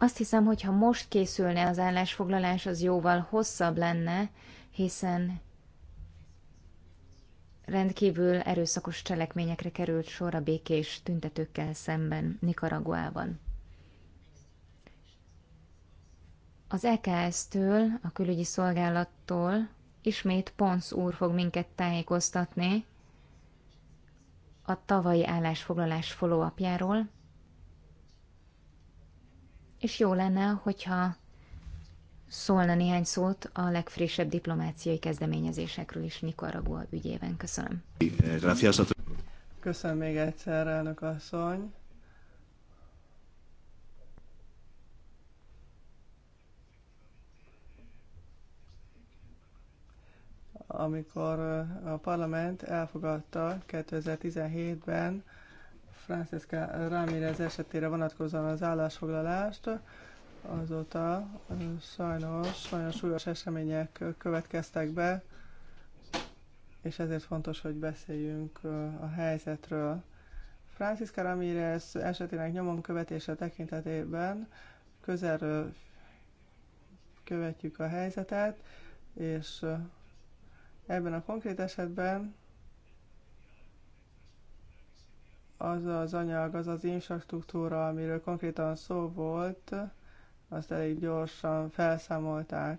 Azt hiszem, hogy ha most készülne az állásfoglalás, az jóval hosszabb lenne, hiszen rendkívül erőszakos cselekményekre került sor a békés tüntetőkkel szemben Nikaraguában. Az EKS-től, a külügyi szolgálattól ismét Pons úr fog minket tájékoztatni a tavalyi állásfoglalás follow és jó lenne, hogyha szólna néhány szót a legfrissebb diplomáciai kezdeményezésekről is Nicaragua ügyében. Köszönöm. Köszönöm még egyszer, elnök asszony. Amikor a parlament elfogadta 2017-ben Francesca Ramirez esetére vonatkozóan az állásfoglalást. Azóta sajnos nagyon súlyos események következtek be, és ezért fontos, hogy beszéljünk a helyzetről. Francisca Ramirez esetének nyomon követése tekintetében közelről követjük a helyzetet, és ebben a konkrét esetben az az anyag, az az infrastruktúra, amiről konkrétan szó volt, azt elég gyorsan felszámolták.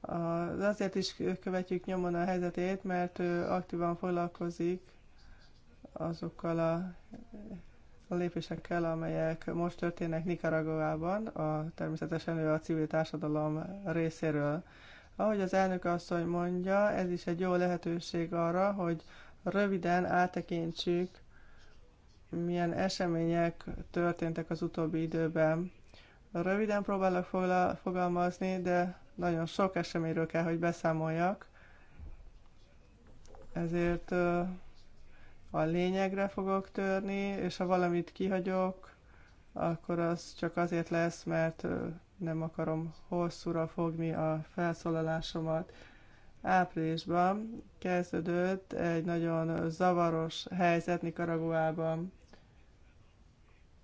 Az azért is követjük nyomon a helyzetét, mert ő aktívan foglalkozik azokkal a, a lépésekkel, amelyek most történnek Nikaraguában, a, természetesen ő a civil társadalom részéről. Ahogy az elnök asszony mondja, ez is egy jó lehetőség arra, hogy röviden áttekintsük, milyen események történtek az utóbbi időben. Röviden próbálok fogalmazni, de nagyon sok eseményről kell, hogy beszámoljak. Ezért a lényegre fogok törni, és ha valamit kihagyok, akkor az csak azért lesz, mert nem akarom hosszúra fogni a felszólalásomat áprilisban kezdődött egy nagyon zavaros helyzet Nicaraguában,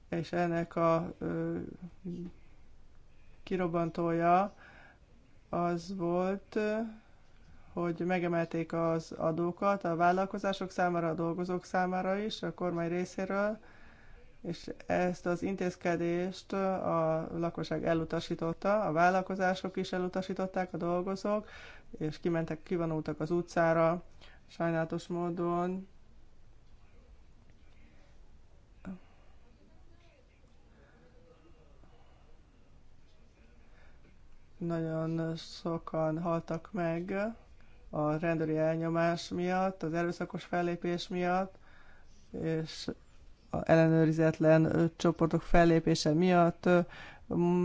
és ennek a ö, kirobbantója az volt, hogy megemelték az adókat a vállalkozások számára, a dolgozók számára is, a kormány részéről, és ezt az intézkedést a lakosság elutasította, a vállalkozások is elutasították, a dolgozók, és kimentek, kivonultak az utcára, sajnálatos módon. Nagyon sokan haltak meg a rendőri elnyomás miatt, az erőszakos fellépés miatt, és a ellenőrizetlen csoportok fellépése miatt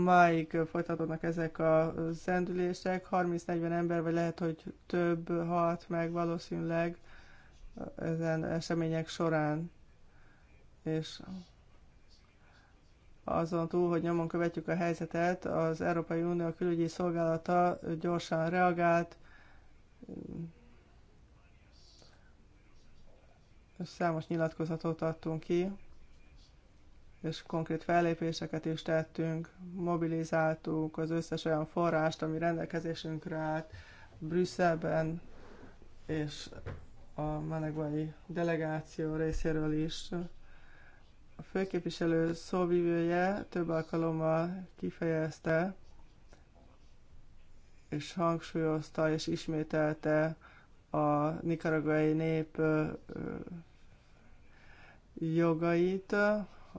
Máig folytatódnak ezek a zendülések, 30-40 ember, vagy lehet, hogy több halt meg valószínűleg ezen események során. És azon túl, hogy nyomon követjük a helyzetet, az Európai Unió külügyi szolgálata gyorsan reagált, számos nyilatkozatot adtunk ki, és konkrét fellépéseket is tettünk, mobilizáltuk az összes olyan forrást, ami rendelkezésünkre állt Brüsszelben, és a menegvai delegáció részéről is. A főképviselő szóvivője több alkalommal kifejezte, és hangsúlyozta és ismételte a nikaragai nép jogait,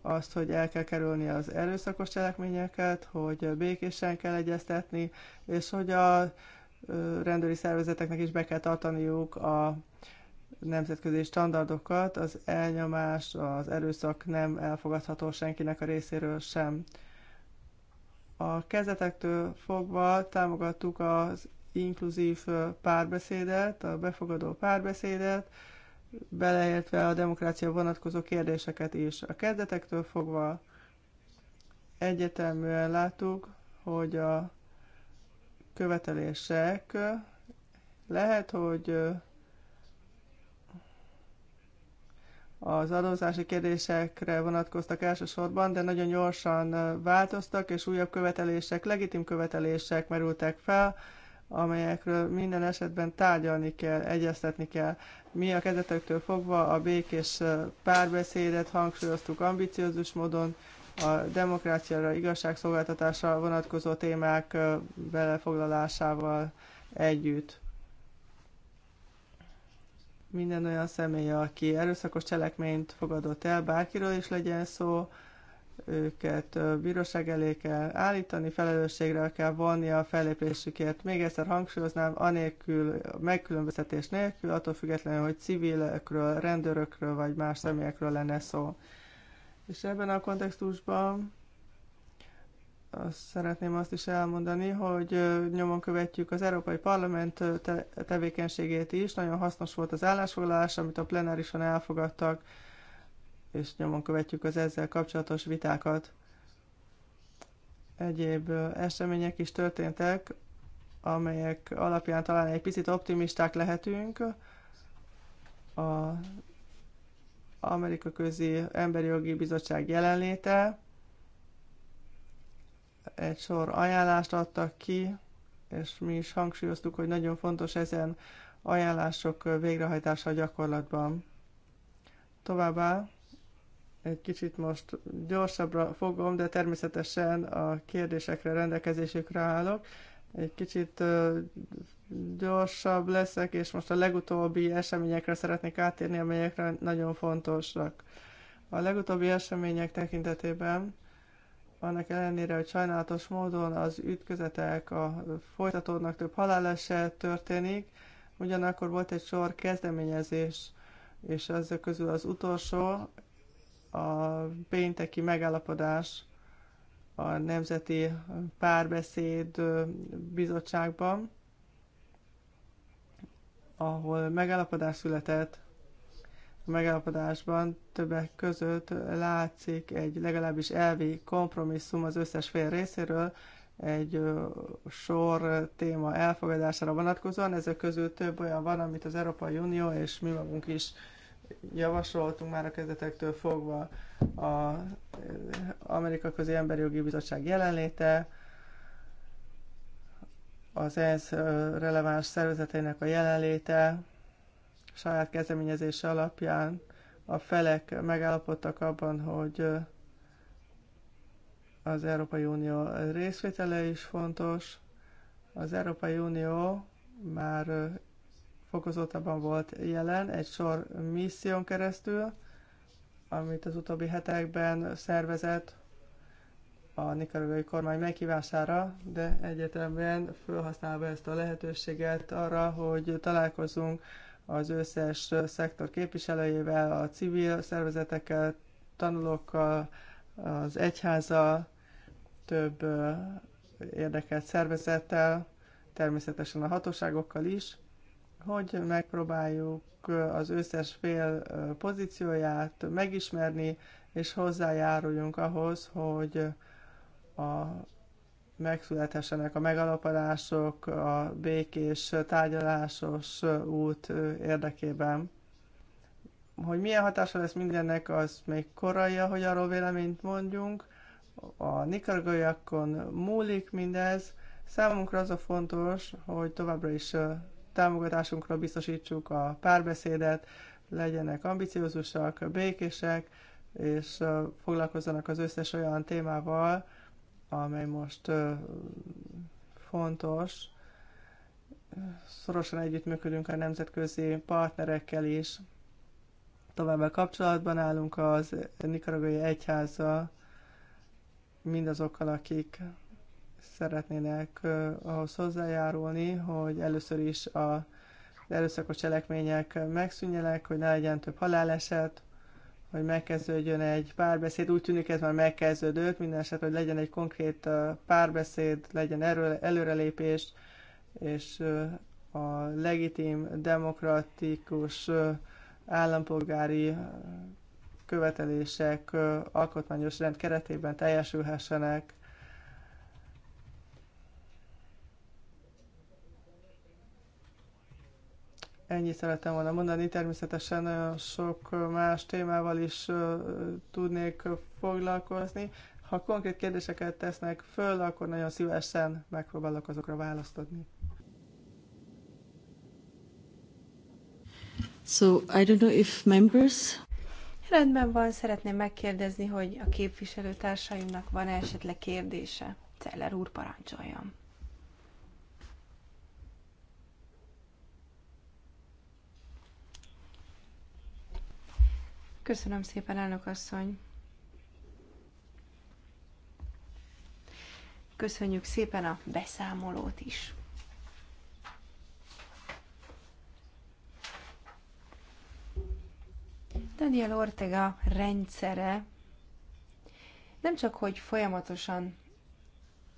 azt, hogy el kell kerülni az erőszakos cselekményeket, hogy békésen kell egyeztetni, és hogy a rendőri szervezeteknek is be kell tartaniuk a nemzetközi standardokat, az elnyomás, az erőszak nem elfogadható senkinek a részéről sem. A kezdetektől fogva támogattuk az inkluzív párbeszédet, a befogadó párbeszédet, beleértve a demokrácia vonatkozó kérdéseket is. A kezdetektől fogva egyeteműen láttuk, hogy a követelések lehet, hogy az adózási kérdésekre vonatkoztak elsősorban, de nagyon gyorsan változtak, és újabb követelések, legitim követelések merültek fel, amelyekről minden esetben tárgyalni kell, egyeztetni kell. Mi a kezdetektől fogva a békés párbeszédet hangsúlyoztuk ambiciózus módon, a demokráciára, igazságszolgáltatásra vonatkozó témák belefoglalásával együtt. Minden olyan személy, aki erőszakos cselekményt fogadott el, bárkiről is legyen szó, őket bíróság elé kell állítani, felelősségre kell vonni a fellépésükért. Még egyszer hangsúlyoznám, anélkül, megkülönböztetés nélkül, attól függetlenül, hogy civilekről, rendőrökről vagy más személyekről lenne szó. És ebben a kontextusban azt szeretném azt is elmondani, hogy nyomon követjük az Európai Parlament te- tevékenységét is. Nagyon hasznos volt az állásfoglalás, amit a plenárison elfogadtak és nyomon követjük az ezzel kapcsolatos vitákat. Egyéb események is történtek, amelyek alapján talán egy picit optimisták lehetünk. A Amerika Közi Emberi Jogi Bizottság jelenléte egy sor ajánlást adtak ki, és mi is hangsúlyoztuk, hogy nagyon fontos ezen ajánlások végrehajtása a gyakorlatban. Továbbá egy kicsit most gyorsabbra fogom, de természetesen a kérdésekre rendelkezésükre állok. Egy kicsit gyorsabb leszek, és most a legutóbbi eseményekre szeretnék átérni, amelyekre nagyon fontosak. A legutóbbi események tekintetében annak ellenére, hogy sajnálatos módon az ütközetek a folytatódnak, több haláleset történik, ugyanakkor volt egy sor kezdeményezés, és ezek közül az utolsó a pénteki megállapodás a Nemzeti Párbeszéd Bizottságban, ahol megállapodás született, a megállapodásban többek között látszik egy legalábbis elvi kompromisszum az összes fél részéről, egy sor téma elfogadására vonatkozóan. Ezek közül több olyan van, amit az Európai Unió és mi magunk is javasoltunk már a kezdetektől fogva az eh, Amerika Közi Emberi Jogi Bizottság jelenléte, az ENSZ eh, releváns szervezeteinek a jelenléte, saját kezdeményezése alapján a felek megállapodtak abban, hogy eh, az Európai Unió részvétele is fontos. Az Európai Unió már fokozottabban volt jelen egy sor misszión keresztül, amit az utóbbi hetekben szervezett a nikaragai kormány meghívására, de egyetemben felhasználva ezt a lehetőséget arra, hogy találkozunk az összes szektor képviselőjével, a civil szervezetekkel, tanulókkal, az egyházzal, több érdekelt szervezettel, természetesen a hatóságokkal is, hogy megpróbáljuk az összes fél pozícióját megismerni, és hozzájáruljunk ahhoz, hogy a megszülethessenek a megalapodások, a békés tárgyalásos út érdekében. Hogy milyen hatása lesz mindennek, az még korai, hogy arról véleményt mondjunk. A nikaragaiakon múlik mindez. Számunkra az a fontos, hogy továbbra is támogatásunkra biztosítsuk a párbeszédet, legyenek ambiciózusak, békések, és foglalkozzanak az összes olyan témával, amely most fontos. Szorosan együttműködünk a nemzetközi partnerekkel is. Továbbá kapcsolatban állunk az Nikaragai Egyháza mindazokkal, akik szeretnének ahhoz hozzájárulni, hogy először is a erőszakos cselekmények megszűnjenek, hogy ne legyen több haláleset, hogy megkezdődjön egy párbeszéd. Úgy tűnik ez már megkezdődött, minden eset, hogy legyen egy konkrét párbeszéd, legyen erő, előrelépés, és a legitim, demokratikus állampolgári követelések alkotmányos rend keretében teljesülhessenek. Ennyi szeretem volna mondani. Természetesen sok más témával is tudnék foglalkozni. Ha konkrét kérdéseket tesznek föl, akkor nagyon szívesen megpróbálok azokra választ adni. So, I don't know if members... Rendben van, szeretném megkérdezni, hogy a képviselőtársaimnak van -e esetleg kérdése. Celler úr, parancsoljon. Köszönöm szépen, elnök asszony. Köszönjük szépen a beszámolót is. Daniel Ortega rendszere nem csak, hogy folyamatosan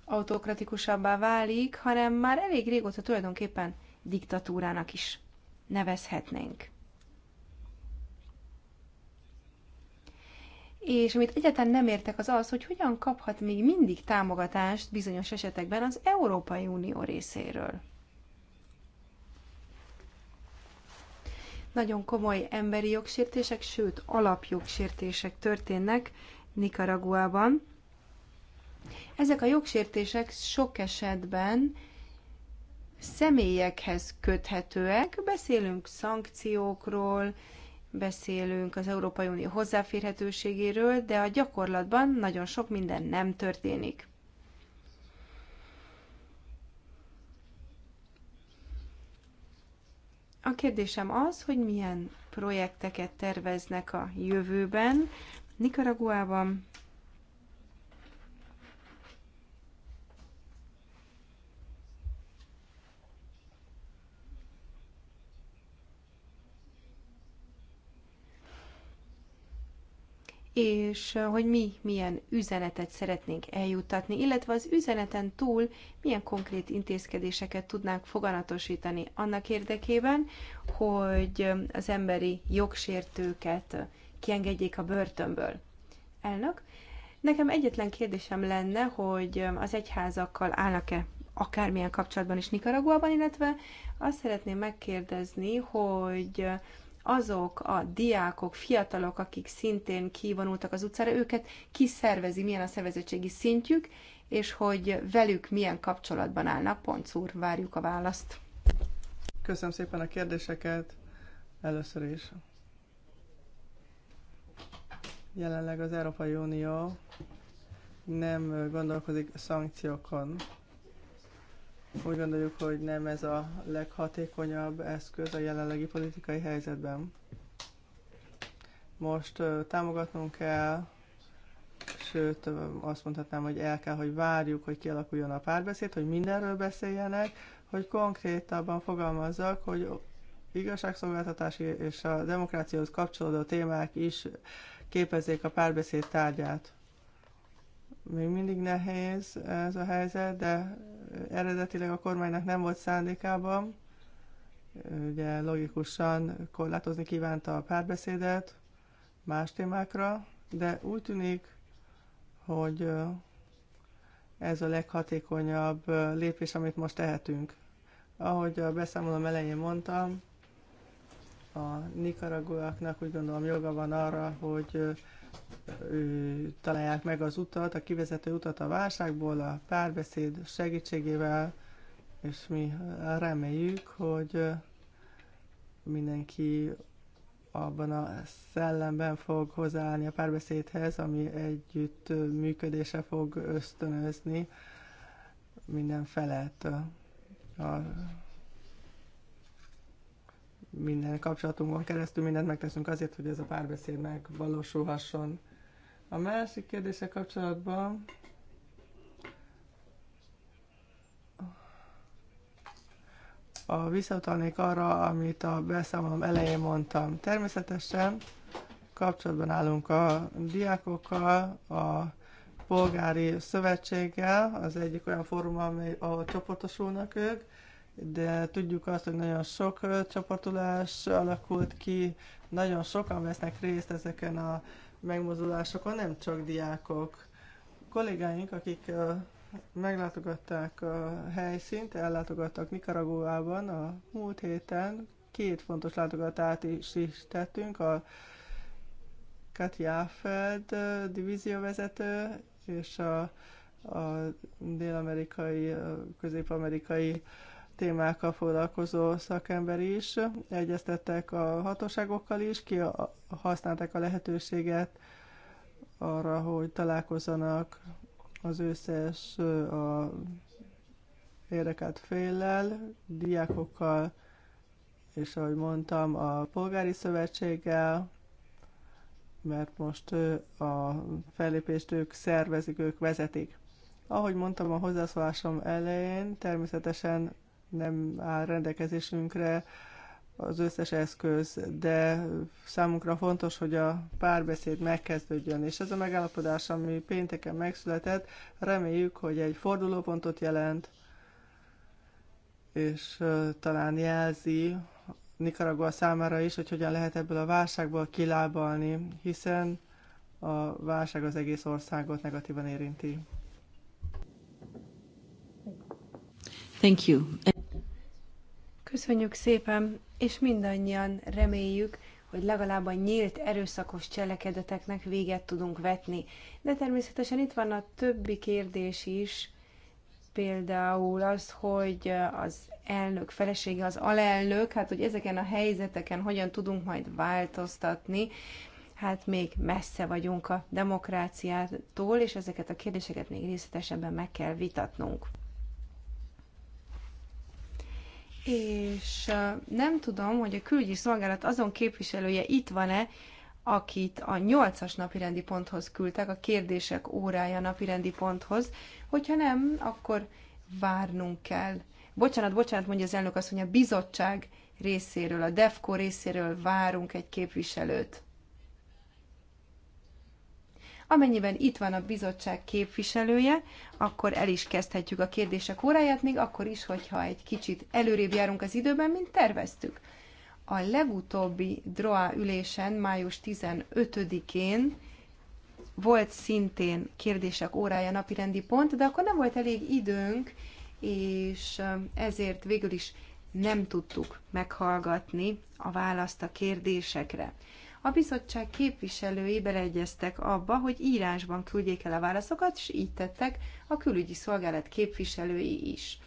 autokratikusabbá válik, hanem már elég régóta tulajdonképpen diktatúrának is nevezhetnénk. és amit egyáltalán nem értek az az, hogy hogyan kaphat még mindig támogatást bizonyos esetekben az Európai Unió részéről. Nagyon komoly emberi jogsértések, sőt alapjogsértések történnek Nicaraguában. Ezek a jogsértések sok esetben személyekhez köthetőek, beszélünk szankciókról, beszélünk az Európai Unió hozzáférhetőségéről, de a gyakorlatban nagyon sok minden nem történik. A kérdésem az, hogy milyen projekteket terveznek a jövőben Nikaraguában, és hogy mi milyen üzenetet szeretnénk eljutatni, illetve az üzeneten túl milyen konkrét intézkedéseket tudnánk foganatosítani annak érdekében, hogy az emberi jogsértőket kiengedjék a börtönből. Elnök, nekem egyetlen kérdésem lenne, hogy az egyházakkal állnak-e akármilyen kapcsolatban is Nikaraguában, illetve azt szeretném megkérdezni, hogy azok a diákok, fiatalok, akik szintén kivonultak az utcára, őket kiszervezi, milyen a szervezettségi szintjük, és hogy velük milyen kapcsolatban állnak. Ponc úr, várjuk a választ. Köszönöm szépen a kérdéseket. Először is jelenleg az Európai Unió nem gondolkozik szankciókon. Úgy gondoljuk, hogy nem ez a leghatékonyabb eszköz a jelenlegi politikai helyzetben. Most támogatnunk kell, sőt azt mondhatnám, hogy el kell, hogy várjuk, hogy kialakuljon a párbeszéd, hogy mindenről beszéljenek, hogy konkrétabban fogalmazzak, hogy igazságszolgáltatási és a demokráciához kapcsolódó témák is képezzék a párbeszéd tárgyát. Még mindig nehéz ez a helyzet, de eredetileg a kormánynak nem volt szándékában. Ugye logikusan korlátozni kívánta a párbeszédet más témákra, de úgy tűnik, hogy ez a leghatékonyabb lépés, amit most tehetünk. Ahogy a beszámolom elején mondtam, a nikaragóaknak úgy gondolom joga van arra, hogy találják meg az utat, a kivezető utat a válságból, a párbeszéd segítségével, és mi reméljük, hogy mindenki abban a szellemben fog hozzáállni a párbeszédhez, ami együtt működése fog ösztönözni minden felett a minden kapcsolatunkon keresztül mindent megteszünk azért, hogy ez a párbeszéd megvalósulhasson. A másik kérdése kapcsolatban a visszautalnék arra, amit a beszámolom elején mondtam. Természetesen kapcsolatban állunk a diákokkal, a polgári szövetséggel, az egyik olyan fórum, ahol csoportosulnak ők, de tudjuk azt, hogy nagyon sok csapatulás alakult ki, nagyon sokan vesznek részt ezeken a megmozdulásokon, nem csak diákok. Kollégáink, akik meglátogatták a helyszínt, ellátogattak Nikaraguában a múlt héten, két fontos látogatást is, is tettünk, a Feld Áfeld vezető és a, a dél-amerikai, közép-amerikai témákkal foglalkozó szakember is. Egyeztettek a hatóságokkal is, ki használták a lehetőséget arra, hogy találkozzanak az összes a érdekelt féllel, diákokkal, és ahogy mondtam, a polgári szövetséggel, mert most a fellépést ők szervezik, ők vezetik. Ahogy mondtam a hozzászólásom elején, természetesen nem áll rendelkezésünkre az összes eszköz, de számunkra fontos, hogy a párbeszéd megkezdődjön, és ez a megállapodás, ami pénteken megszületett, reméljük, hogy egy fordulópontot jelent, és talán jelzi Nicaragua számára is, hogy hogyan lehet ebből a válságból kilábalni, hiszen a válság az egész országot negatívan érinti. Thank you. Köszönjük szépen, és mindannyian reméljük, hogy legalább a nyílt erőszakos cselekedeteknek véget tudunk vetni. De természetesen itt van a többi kérdés is, például az, hogy az elnök felesége, az alelnök, hát hogy ezeken a helyzeteken hogyan tudunk majd változtatni, hát még messze vagyunk a demokráciától, és ezeket a kérdéseket még részletesebben meg kell vitatnunk és nem tudom, hogy a külügyi szolgálat azon képviselője itt van-e, akit a nyolcas napirendi ponthoz küldtek, a kérdések órája napirendi ponthoz. Hogyha nem, akkor várnunk kell. Bocsánat, bocsánat, mondja az elnök azt, hogy a bizottság részéről, a DEFCO részéről várunk egy képviselőt. Amennyiben itt van a bizottság képviselője, akkor el is kezdhetjük a kérdések óráját, még akkor is, hogyha egy kicsit előrébb járunk az időben, mint terveztük. A legutóbbi DROA ülésen, május 15-én volt szintén kérdések órája napirendi pont, de akkor nem volt elég időnk, és um, ezért végül is nem tudtuk meghallgatni a választ a kérdésekre. A bizottság képviselői beleegyeztek abba, hogy írásban küldjék el a válaszokat, és így tettek a külügyi szolgálat képviselői is.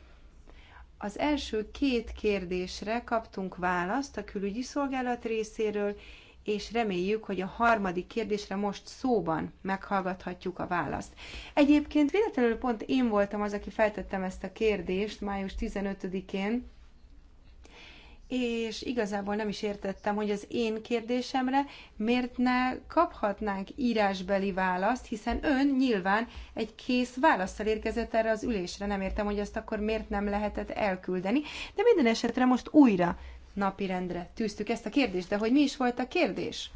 Az első két kérdésre kaptunk választ a külügyi szolgálat részéről, és reméljük, hogy a harmadik kérdésre most szóban meghallgathatjuk a választ. Egyébként véletlenül pont én voltam az, aki feltettem ezt a kérdést május 15-én, és igazából nem is értettem, hogy az én kérdésemre miért ne kaphatnánk írásbeli választ, hiszen ön nyilván egy kész válaszsal érkezett erre az ülésre. Nem értem, hogy ezt akkor miért nem lehetett elküldeni, de minden esetre most újra napirendre tűztük ezt a kérdést. De hogy mi is volt a kérdés?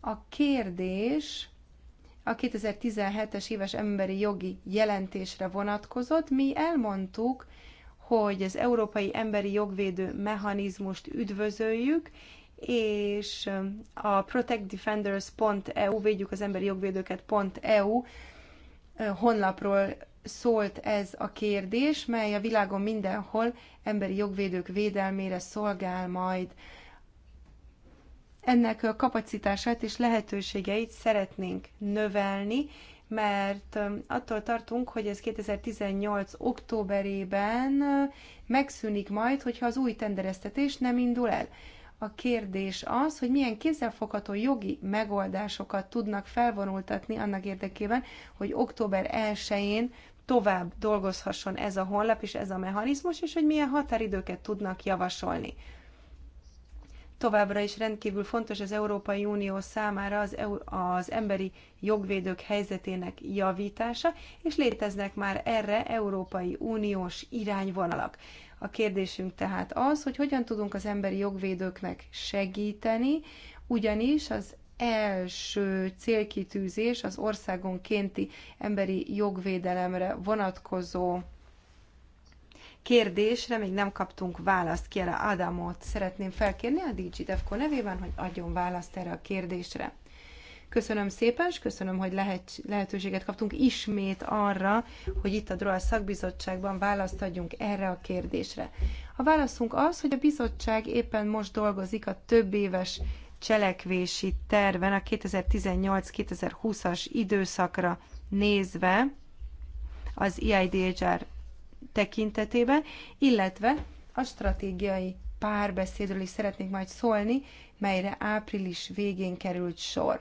A kérdés a 2017-es éves emberi jogi jelentésre vonatkozott. Mi elmondtuk, hogy az európai emberi jogvédő mechanizmust üdvözöljük, és um, a protectdefenders.eu, védjük az emberi jogvédőket.eu uh, honlapról szólt ez a kérdés, mely a világon mindenhol emberi jogvédők védelmére szolgál majd. Ennek a kapacitását és lehetőségeit szeretnénk növelni, mert attól tartunk, hogy ez 2018. októberében megszűnik majd, hogyha az új tendereztetés nem indul el. A kérdés az, hogy milyen kézzelfogható jogi megoldásokat tudnak felvonultatni annak érdekében, hogy október 1-én tovább dolgozhasson ez a honlap és ez a mechanizmus, és hogy milyen határidőket tudnak javasolni. Továbbra is rendkívül fontos az Európai Unió számára az, EU, az emberi jogvédők helyzetének javítása, és léteznek már erre Európai Uniós irányvonalak. A kérdésünk tehát az, hogy hogyan tudunk az emberi jogvédőknek segíteni, ugyanis az első célkitűzés az országonkénti emberi jogvédelemre vonatkozó kérdésre még nem kaptunk választ. Kiera Adamot szeretném felkérni a DJ Defco nevében, hogy adjon választ erre a kérdésre. Köszönöm szépen, és köszönöm, hogy lehet, lehetőséget kaptunk ismét arra, hogy itt a DROA szakbizottságban választ adjunk erre a kérdésre. A válaszunk az, hogy a bizottság éppen most dolgozik a több éves cselekvési terven a 2018-2020-as időszakra nézve az EIDHR tekintetében, illetve a stratégiai párbeszédről is szeretnék majd szólni, melyre április végén került sor.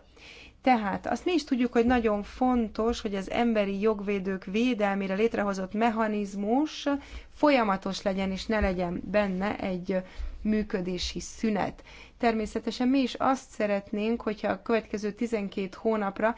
Tehát azt mi is tudjuk, hogy nagyon fontos, hogy az emberi jogvédők védelmére létrehozott mechanizmus folyamatos legyen, és ne legyen benne egy működési szünet. Természetesen mi is azt szeretnénk, hogyha a következő 12 hónapra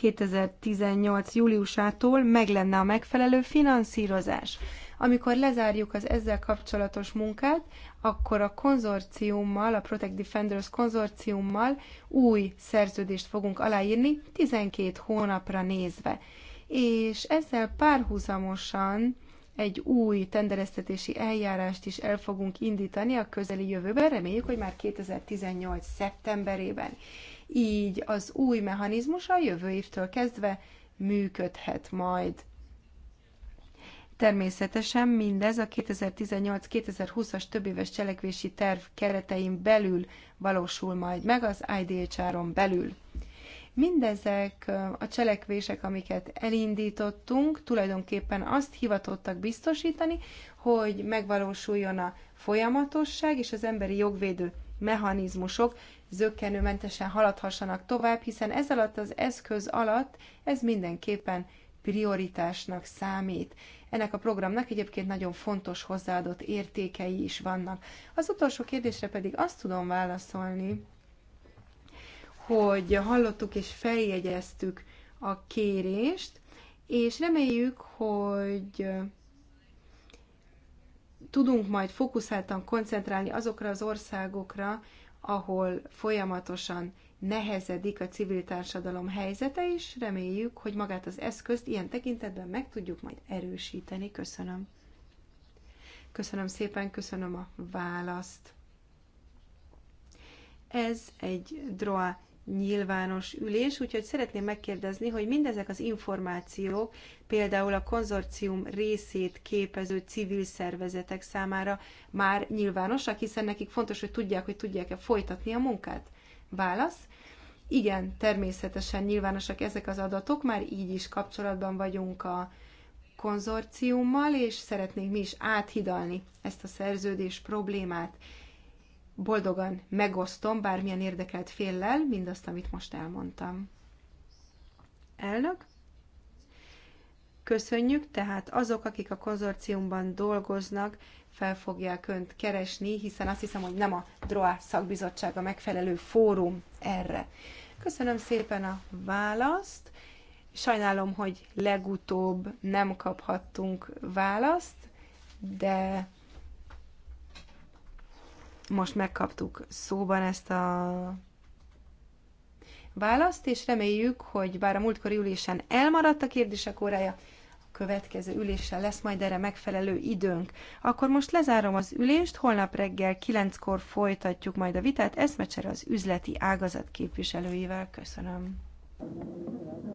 2018. júliusától meg lenne a megfelelő finanszírozás. Amikor lezárjuk az ezzel kapcsolatos munkát, akkor a konzorciummal, a Protect Defenders konzorciummal új szerződést fogunk aláírni 12 hónapra nézve. És ezzel párhuzamosan egy új tendereztetési eljárást is el fogunk indítani a közeli jövőben, reméljük, hogy már 2018. szeptemberében. Így az új mechanizmus a jövő évtől kezdve működhet majd. Természetesen mindez a 2018-2020-as többéves cselekvési terv keretein belül valósul majd meg az IDHR-on belül. Mindezek a cselekvések, amiket elindítottunk, tulajdonképpen azt hivatottak biztosítani, hogy megvalósuljon a folyamatosság és az emberi jogvédő mechanizmusok zöggenőmentesen haladhassanak tovább, hiszen ez alatt az eszköz alatt ez mindenképpen prioritásnak számít. Ennek a programnak egyébként nagyon fontos hozzáadott értékei is vannak. Az utolsó kérdésre pedig azt tudom válaszolni, hogy hallottuk és feljegyeztük a kérést, és reméljük, hogy tudunk majd fokuszáltan koncentrálni azokra az országokra, ahol folyamatosan nehezedik a civil társadalom helyzete, és reméljük, hogy magát az eszközt ilyen tekintetben meg tudjuk majd erősíteni. Köszönöm. Köszönöm szépen, köszönöm a választ. Ez egy DROA nyilvános ülés, úgyhogy szeretném megkérdezni, hogy mindezek az információk például a konzorcium részét képező civil szervezetek számára már nyilvánosak, hiszen nekik fontos, hogy tudják, hogy tudják-e folytatni a munkát. Válasz? Igen, természetesen nyilvánosak ezek az adatok, már így is kapcsolatban vagyunk a konzorciummal, és szeretnénk mi is áthidalni ezt a szerződés problémát boldogan megosztom bármilyen érdekelt féllel mindazt, amit most elmondtam. Elnök? Köszönjük, tehát azok, akik a konzorciumban dolgoznak, fel fogják önt keresni, hiszen azt hiszem, hogy nem a DROA szakbizottság a megfelelő fórum erre. Köszönöm szépen a választ. Sajnálom, hogy legutóbb nem kaphattunk választ, de most megkaptuk szóban ezt a választ, és reméljük, hogy bár a múltkori ülésen elmaradt a kérdések órája, a következő ülésen lesz majd erre megfelelő időnk. Akkor most lezárom az ülést, holnap reggel 9-kor folytatjuk majd a vitát, eszmecsere az üzleti ágazat képviselőivel. Köszönöm.